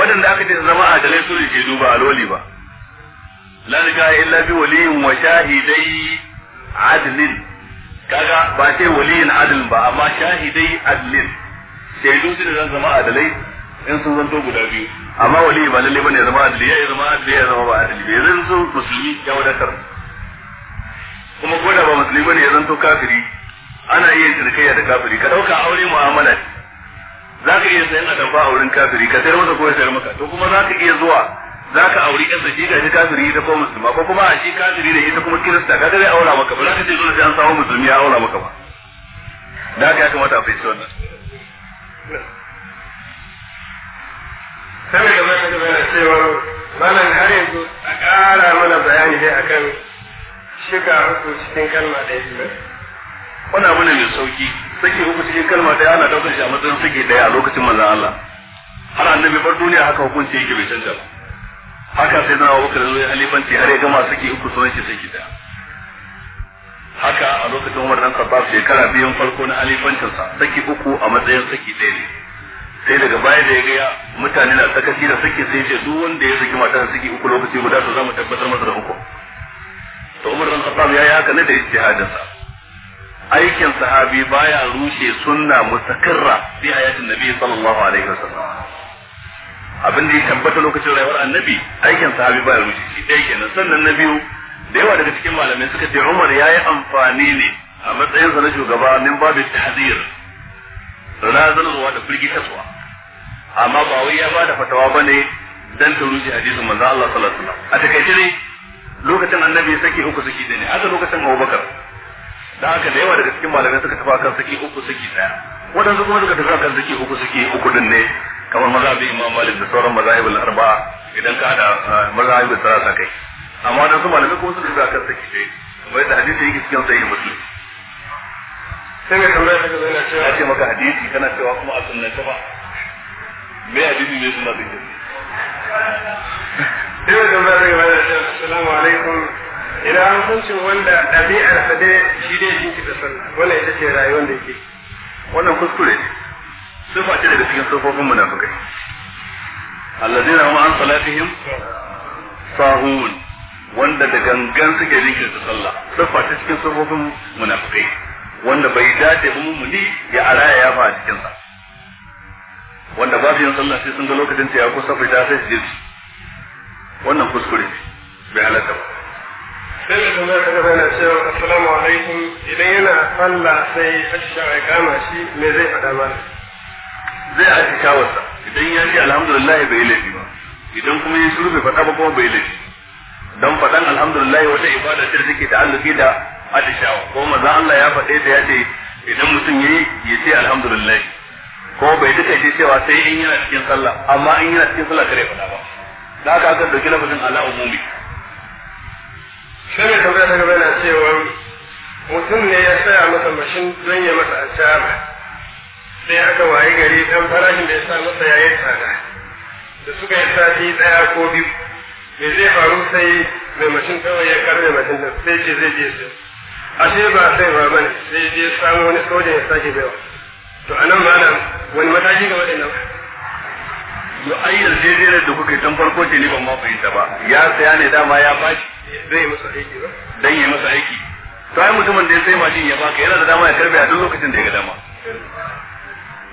wadanda aka ce zama a dalai su ke duba loli ba la riga illa bi waliyin wa shahidai adlin kaga ba sai waliyin adl ba amma shahidai adlin shaidu su ne zan zama adalai in sun zanto guda biyu amma wali ba lalle bane zama adali ya zama adali ya zama ba adali bai zan so musulmi ya wadatar kuma ko da ba musulmi bane ya zanto kafiri ana iya cinikayya da kafiri ka dauka aure mu'amala zaka za ka iya sayan atamfa a wurin kafiri ka sayar masa ko ya sayar maka to kuma za ka iya zuwa za ka auri ƴarsa shi ga shi kafiri ita ko musulma ko kuma a shi kafiri da ita kuma kirista kaga zai aura maka ba za ka ce dole sai an samu musulmi ya aura maka ba da ka ya kamata a fahimci wannan sai da mata gaba da cewa malam har yanzu a ƙara mana bayani dai akan shiga uku cikin kalma ɗaya biyu wani abu ne mai sauki sake uku cikin kalma ɗaya ana ɗaukar shi a matsayin sake ɗaya a lokacin manzan Allah har annabi bar duniya haka hukunci yake bai canja ba haka sai na abubakar zo ya halifanci har ya gama saki uku sauran ke sai gida haka a lokacin umar dan khattab shekara biyun farko na sa saki uku a matsayin saki ɗaya ne sai daga baya da ya ga mutane na sakaci da saki sai ce duk wanda ya saki matar saki uku lokaci guda to zamu tabbatar masa da uku to umar dan khattab ya yi haka ne da ijtihadin sa aikin sahabi baya rushe sunna mutakarra bi ayatin nabi sallallahu alaihi wasallam abin da ya tabbata lokacin rayuwar annabi aikin sahabi ba ya rushe shi ɗaya kenan sannan na biyu da yawa daga cikin malamai suka ce Umar ya yi amfani ne a matsayinsa na shugaba min babu tahzir razanarwa da firgitarwa amma ba wai ya bada fatawa bane dan ta rushe hadisin manzo Allah sallallahu alaihi wasallam a takaice ne lokacin annabi saki uku saki da ne aka lokacin Abubakar da haka da yawa daga cikin malamai suka tafi kan saki uku saki daya wadansu kuma suka tafi kan saki uku saki uku din ne kamar mazhabin imam malik da sauran mazahibul arba idan ka mazhabin ah, mazahibul ta kai amma da su malamai ko su da kan saki ce wai da hadisi yake cikin sahih muslim sai ga kamar da kaza yana cewa ce maka hadisi kana cewa kuma a sunnanta ba me hadisi ne sunna din sai ga kamar da kaza yana cewa assalamu alaikum idan an hukuncin wanda ɗabi'ar sa dai shi dai jinki da sallah wannan ita ce rayuwar da yake wannan kuskure ne sifa ce daga cikin sufofin munafikai allazina hum an salatihim sahun wanda da gangan suke rikin su sallah sifa ce cikin sufofin munafikai wanda bai dace ba mumuni ya araya ya fa cikin sa wanda ba su yin sallah sai sun ga lokacin ta ya safi da sai jiji wannan kuskure bai halatta ba sai da kuma ta gaba na cewa assalamu alaikum idan yana sallah sai a shi shi me zai faɗa mana zai aika shawarsa idan ya ce alhamdulillah bai yi laifi ba idan kuma ya shiru faɗa ba kuma bai laifi dan faɗan alhamdulillah wata ibada ce da take ta'alluki da atishawa ko maza Allah ya faɗe ta yace idan mutum yayi ya ce alhamdulillah ko bai duka ce cewa sai in yana cikin sallah amma in yana cikin sallah kare faɗa ba da ga aka dauki lafazin ala umumi shirin tambaya ta na cewa mutum ne ya saya masa mashin don ya masa asara sai aka waye gari dan farashin da ya sa masa yayin tsada da suka yi sati daya ko biyu me zai faru sai mai mashin kawai ya karbe mashin da sai ce zai je sai ashe ba sai ba bane sai je samu wani soja ya sake baiwa to anan malam wani mataki ga waɗannan yo ai yarjejeniyar da kuka tun farko ce ne ban ma fahimta ba ya saya ne dama ya bashi zai yi masa aiki ba dan yi masa aiki to ai mutumin da ya sai mashin ya baka yana da dama ya karbe a duk lokacin da ya ga dama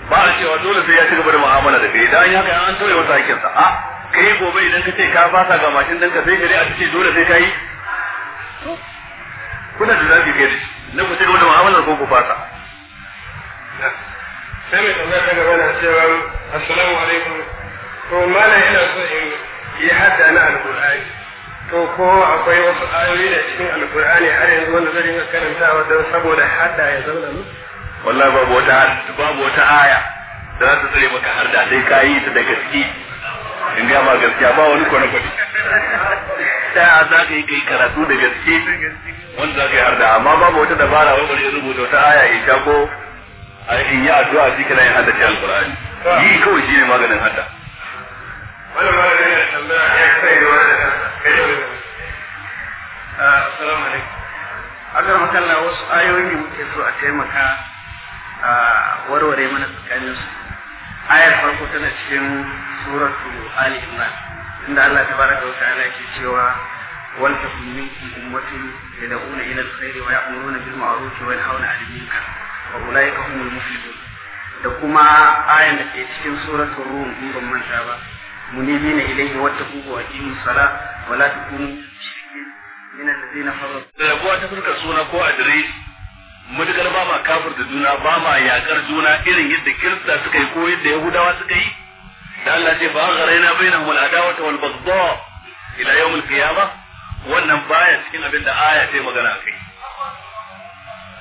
ba a cewa dole sai ya ci gaba da mu'amala da kai idan haka an wata masa sa a kai gobe idan ka ce ka fasa ga mashin ka sai shari'a a ce dole sai ka yi kuna da zafi kai na ku ci gaba da mu'amala ko ku fasa sai mai tambaya ta gaba na cewa assalamu alaikum to mana ina so in yi hadda na alƙur'ani to ko akwai wasu ayoyi da cikin alƙur'ani har yanzu wanda zai dinga karantawa don saboda hadda ya zauna mu wallahi babu wata babu wata aya da za ta tsare maka har da sai ka yi ta da gaske in ga ma gaskiya ba wani kwana kwani da za ka yi kai karatu da gaske wanda za ka yi har da amma babu wata dabara wani bari rubuta wata aya in sha ko in yi addu'a shi kana yin haddace alqur'ani yi kawai ne maganin hadda wannan maganin ya tambaya ya sai da wannan ah, assalamu alaikum agar makalla wasu ayoyi muke so a taimaka a warware mana tsakanin su ayar farko tana cikin suratu ali imran inda Allah Ta baraka wa ta'ala ke cewa wal takum minkum ummatun yad'una ila al-khair wa ya'muruna bil ma'ruf wa yanhauna 'anil munkar wa ulaika humul muflihun da kuma ayar da ke cikin suratu rum in ban manta ba munibina ilayhi wattaqu wa aqimus salat wa la takunu mushrikin min alladhina farru da ta fuskar suna ko adresi mutukar ba ma kafir da juna ba ma yakar juna irin yadda kirista suka yi ko yadda yahudawa suka yi da Allah ce ba garaina bainahum al-adawata wal baghdha ila yau al ba? wannan baya cikin abin da aya ce magana kai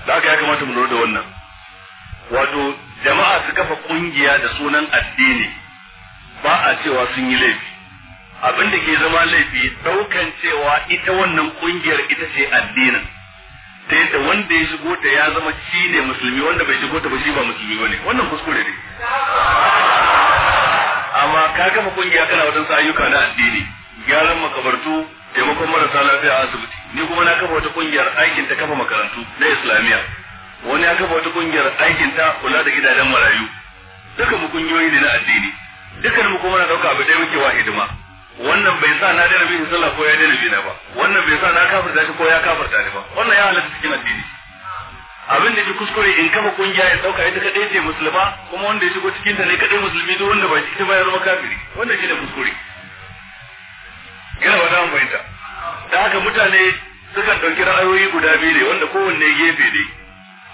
da ya kamata mu lura da wannan wato jama'a su kafa kungiya da sunan addini ba a cewa sun yi laifi abin da ke zama laifi daukan cewa ita wannan kungiyar ita ce addinin ta wanda ya shigo ta ya zama shi ne musulmi wanda bai shigo ta ba shi ba musulmi bane wannan kuskure ne amma ka gama kungiya kana sa ayyuka na addini gyaran makabartu taimakon marasa lafiya a asibiti ni kuma na kafa wata kungiyar aikin ta kafa makarantu na islamiyya wani ya kafa wata kungiyar aikin ta kula da gidajen marayu duka mu kungiyoyi ne na addini dukkan mu kuma na dauka abu ɗaya muke wa hidima wannan bai sa na daina bin sallah ko ya daina na ba wannan bai sa na kafirta shi ko ya kafirta ni ba wannan ya halatta cikin addini abin da ke kuskure in kafa kungiya ya dauka ita kadai ce musulma kuma wanda ya shigo cikin ta ne kadai musulmi duk wanda ba shi ita ba ya zama kafiri wannan shi ne kuskure ina wata dan da haka mutane sukan dauki ra'ayoyi guda biyu ne wanda kowanne gefe ne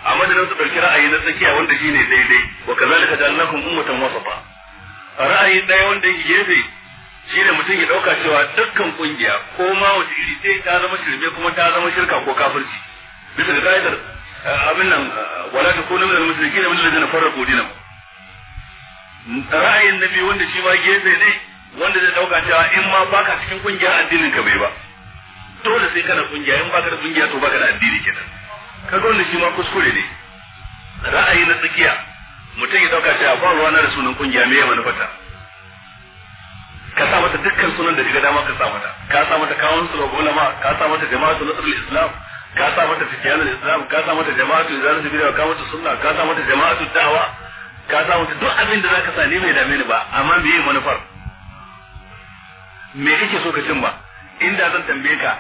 a madadin su dauki ra'ayi na tsakiya wanda shine daidai wa kazalika ja'alnakum ummatan wasafa ra'ayi daya wanda yake gefe Shi ne mutum ya ɗauka cewa dukkan ƙungiya ko ma wata iri sai ta zama shirme kuma ta zama shirka ko kafirci bisa ga ƙa'idar eh, abin nan eh, wala ta kunu min al na fara alladhina farraqu dinahum ra'ayin nabi wanda shi ma gefe ne wanda zai ɗauka cewa in ma baka cikin ƙungiya addinin ka bai ba dole sai kana ƙungiya in baka da ƙungiya to baka da addini kenan kaga wanda shi ma kuskure ne ra'ayi na tsakiya mutum ya ɗauka cewa ba ruwa na da sunan ƙungiya me ya manufata ka sa mata dukkan sunan da kaga dama ka sa mata ka sa mata kawunsul ulama ka sa mata jama'atu nasrul islam ka sa mata fitiyanul islam ka sa mata jama'atu izalatul bid'a ka mata sunna ka sa mata jama'atu da'wa ka sa mata duk abin da zaka sa ne bai dame ni ba amma me yi manufar me kake so ka ba inda zan tambaye ka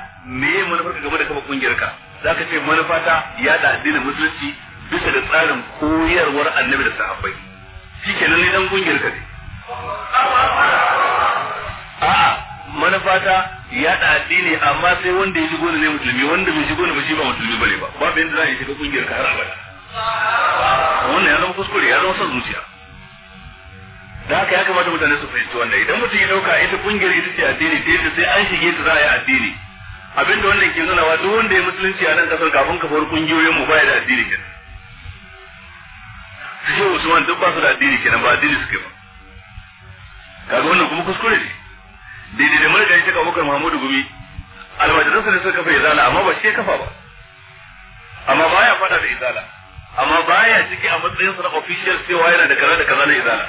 me yi manufar ka game da kafa kungiyar ka zaka ce manufata ya da addinin musulunci bisa da tsarin koyarwar annabi da sahabbai shikenan ne dan kungiyar ka ne a'a manufa ya da addini amma sai wanda ya shigo ne musulmi wanda bai shigo ne ba shi ba musulmi bane ba Ba yadda da a shiga kungiyar ka har abada wannan ya zama kuskure ya zama son zuciya da haka ya kamata mutane su fahimci wannan idan mutum ya dauka ita kungiyar ita ce addini ta sai an shige ta za a yi addini abinda wannan ke nuna wa duk wanda ya musulunci a nan kasar kafin kafar kungiyoyin mu baya da addini kenan su shi Usman duk ba su da addini kenan ba addini suke ba kaga wannan kuma kuskure ne daidai da marigayi ta kan muhammadu gumi almajiransa ne suka kafa izala amma ba shi ya kafa ba amma baya fada da izala amma baya ciki a matsayinsa na official cewa yana da kaza da kaza na izala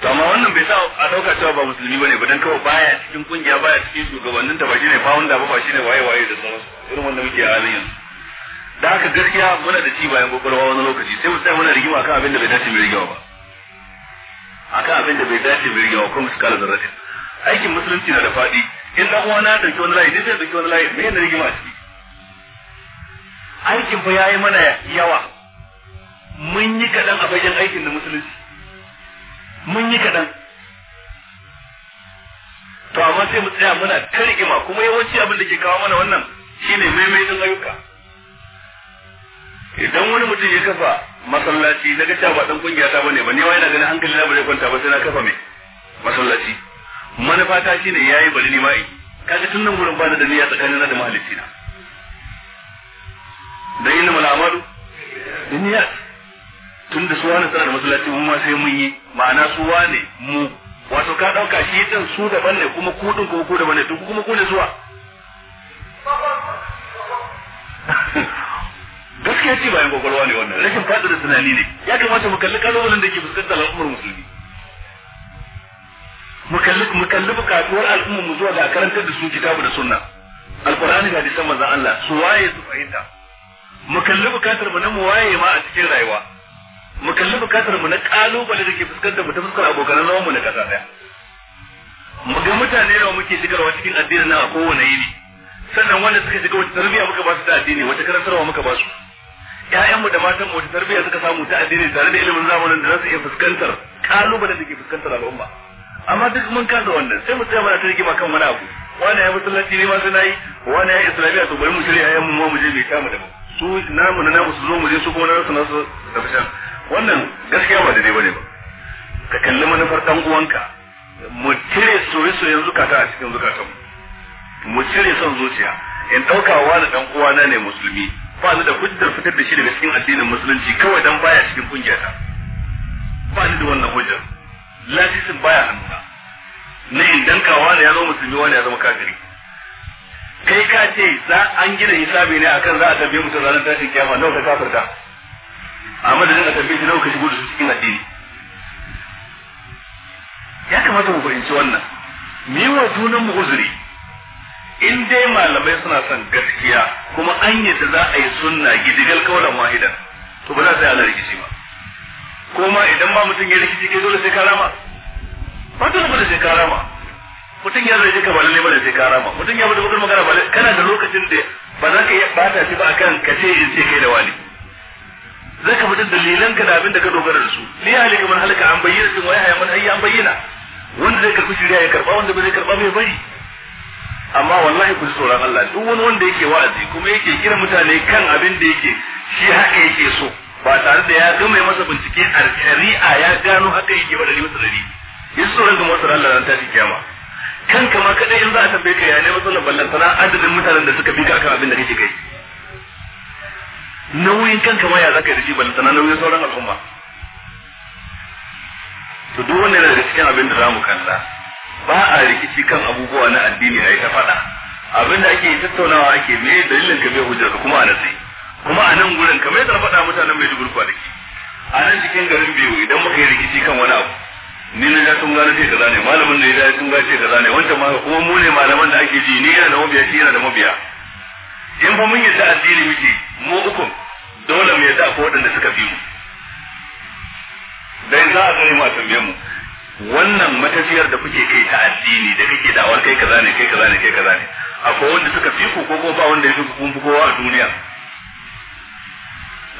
to amma wannan bai sa a dauka cewa ba musulmi bane ba dan kawai baya cikin kungiya baya cikin shugabannin ta ba shine wanda ba ba shine waye waye da sauransu irin wannan muke a halin yanzu da haka gaskiya muna da ci bayan kokolwa wani lokaci sai mu tsaya muna rigima kan abin da bai dace mu rigima ba akan abin da bai dace bai rigewa kuma su kala zarrafi aikin musulunci na da faɗi in dan uwa na dauki wani layi ne zai dauki wani layi me yana rigima a ciki aikin fa yayi mana yawa mun yi kaɗan a bayan aikin da musulunci mun yi kaɗan to amma sai mu tsaya muna ta kuma yawanci abin da ke kawo mana wannan shine maimaitin ayyuka idan wani mutum ya kafa masallaci na ga cewa ba dan kungiya ta bane ba ne wai yana ganin hankali na bare kwanta ba sai na kafa mai masallaci manufa ta shine yayi bari ni ma yi kaga tun nan gurin bani da niyya na da mahalicci na dan inna mal duniya tun da suwa ne tsara da masallaci mun ma sai mun yi ma'ana suwa ne mu wato ka dauka shi din su daban ne kuma ku din kuma ku daban ne duk kuma ku ne zuwa gaskiya ce bayan gwagwalwa ne wannan rashin da tunani ne ya kamata mu kalli kalubalen da ke fuskantar al'ummar musulmi mu kalli mu kalli bukatuwar al'ummar mu zuwa ga karantar da su kitabu da sunna alqur'ani da hadisan manzon Allah su waye su fahimta mu kalli bukatar mu na mu waye ma a cikin rayuwa mu kalli bukatar mu na kalubale da ke fuskantar mu ta fuskar abokan zaman mu na kasa daya mu ga mutane da muke shigarwa cikin addinin na kowane yini sannan wanda suka shiga wata tarbiyya muka ba su ta addini wata karantarwa muka ba su ƴaƴanmu da matanmu wata tarbiyya suka samu ta addini tare da ilimin zamanin da za su iya fuskantar kalubalen da ke fuskantar al'umma amma duk mun kasa wannan sai mu tsaya mana ta rigima kan wani abu wani ya musulunci ne ma suna yi wani ya islamiyya to bari mu shirya ƴaƴan mu mu je mai kama da mu su namu na namu su zo mu je su kuma na su na su tafi can wannan gaskiya ba daidai bane ba ka kalli manufar dan uwanka mu cire soyayyen zukata a cikin zukatanmu mu cire son zuciya in ɗaukawa da ɗan uwana ne musulmi ba ni da hujjar fitar da shi daga cikin addinin musulunci kawai dan baya cikin ta ba ni da wannan hujjar lafisin baya hannuna na yin dankawa ne ya zama musulmi wani ya zama kafiri kai ka ce za an gina hisabi ne akan za a tambaye mutum ranar tashin kiyama nawa ka kafirta a madadin a tambaye shi nawa ka shigo da su cikin addini ya kamata mu fahimci wannan mu wa junan mu uzuri in dai malamai suna son gaskiya kuma an ta za a yi sunna gidigal kawalan wahidan to ba za ta yi ala rikici ba kuma idan ba mutum ya rikici ke dole sai karama ba dole ba sai karama mutum ya zai ka ba da sai karama mutum ya bada bukar magana balle kana da lokacin da ba za ka iya ta shi ba akan ka ce in ce kai da wani zai ka fitar dalilan ka da abin da ka dogara da su ni ya halika man halaka an bayyana sun waya man an bayyana wanda zai karbi shirya ya karba wanda ba zai karba mai bari amma wallahi ku tsoron Allah duk wani wanda yake wa'azi kuma yake kira mutane kan abin da yake shi haka yake so ba tare da ya gama masa bincike a shari'a ya gano haka yake ba dalilin sarari yi tsoron ga masu Allah ran tashi kiyama kan kama kada in za a tambaye ka ya ne ballan sana adadin mutanen da suka bi ka kan abin da kake kai nauyin kan ma ya zaka yi da shi ballantana nauyin sauran al'umma to duk wanda yana daga cikin abin da za mu kalla ba a rikici kan abubuwa na addini a ta faɗa abinda ake tattaunawa ake me dalilin ka bai hujjar kuma a nasi kuma a nan gurin kamar yadda na faɗa mutanen mai dubur dake a nan cikin garin biyu idan muka yi rikici kan wani abu ni na ja sun gane ce kaza ne malamin da ya sun gane ce kaza ne wancan ma kuma mu ne malaman da ake ji ni yana da mabiya shi yana da mabiya in fa mun yadda addini muke mu ukun dole mu yadda akwai waɗanda suka fi mu dan za a gani ma tambaye mu wannan matafiyar da kuke kai ta addini da kake da'awar kai kaza ne kai kaza ne kai kaza ne akwai wanda suka fi ku ko ba wanda ya fi kun fi a duniya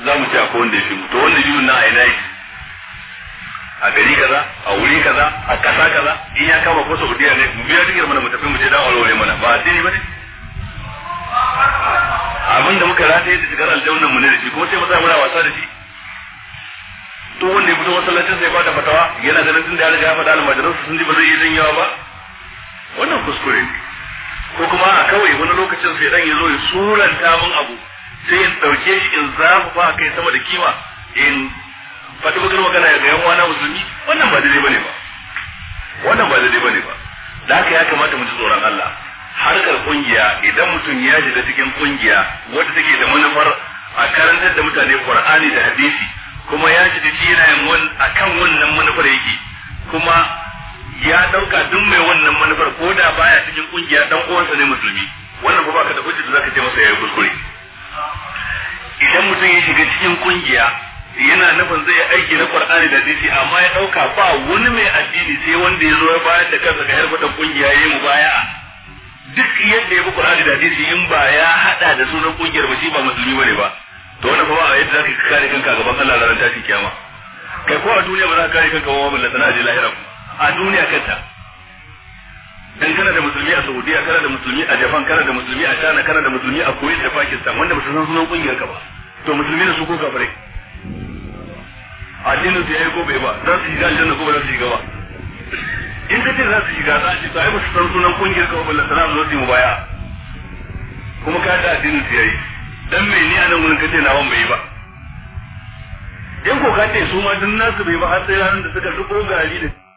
za mu ce akwai wanda ya fi to wanda yi na aina yi a gari kaza a wuri kaza a kasa kaza in ya kama ko saudiya ne mu biya dukkan mana mu tafi mu ce da'awar wani mana ba addini ba ne abin da muka rataye da shigar aljannan mu ne da shi kuma sai mu tsaya muna wasa da shi to wanda ya fito masallacin sai ba ta fatawa yana ganin tun da ya riga ya faɗa almajiran su sun ji ba zai yi janyawa ba wannan kuskure ne ko kuma a kawai wani lokacin sai dan ya zo ya suranta min abu sai in ɗauke shi in zafafa a kai sama da kima in faɗi bakar magana ga yan wana musulmi wannan ba daidai bane ba wannan ba daidai bane ba da haka ya kamata mu ji tsoron Allah harkar kungiya idan mutum ya shiga cikin kungiya wadda take da manufar a karantar da mutane Qur'ani da hadisi kuma ya shiga jirayen wani kan wannan manufar yake kuma ya ɗauka duk mai wannan manufar ko da baya cikin ƙungiya ɗan uwansa ne musulmi wannan ba ka da hujji da zaka ce masa yayi kuskure idan mutum ya shiga cikin ƙungiya yana nufin zai aiki na Qur'ani da hadisi amma ya ɗauka ba wani mai addini sai wanda ya zo ya bayar da kansa ga harkar kungiya mu baya. duk yadda ya bi Qur'ani da hadisi in ba ya haɗa da sunan ƙungiyar ba shi ba musulmi bane ba to wannan fa ba a yadda zaka kare kanka gaban Allah ranar tashin kiyama kai ko a duniya ba za ka kare kanka ba mun latana da lahira a duniya kanta dan kana da musulmi a Saudiya kana da musulmi a Japan kana da musulmi a China kana da musulmi a Kuwait da Pakistan wanda ba su san sunan kungiyar ka ba to musulmi da su ko kafare addinin su yayi ko bai ba za su yi aljanna ko ba za su yi gaba in ka ce za su shiga za a ce to ai ba su san sunan kungiyar ka ba latana zo su yi mu baya kuma ka da addinin su yayi dan me ni anan wurin kace ban bai ba in ko kace su ma dun nasu bai ba har sai ranar da suka dubo gari da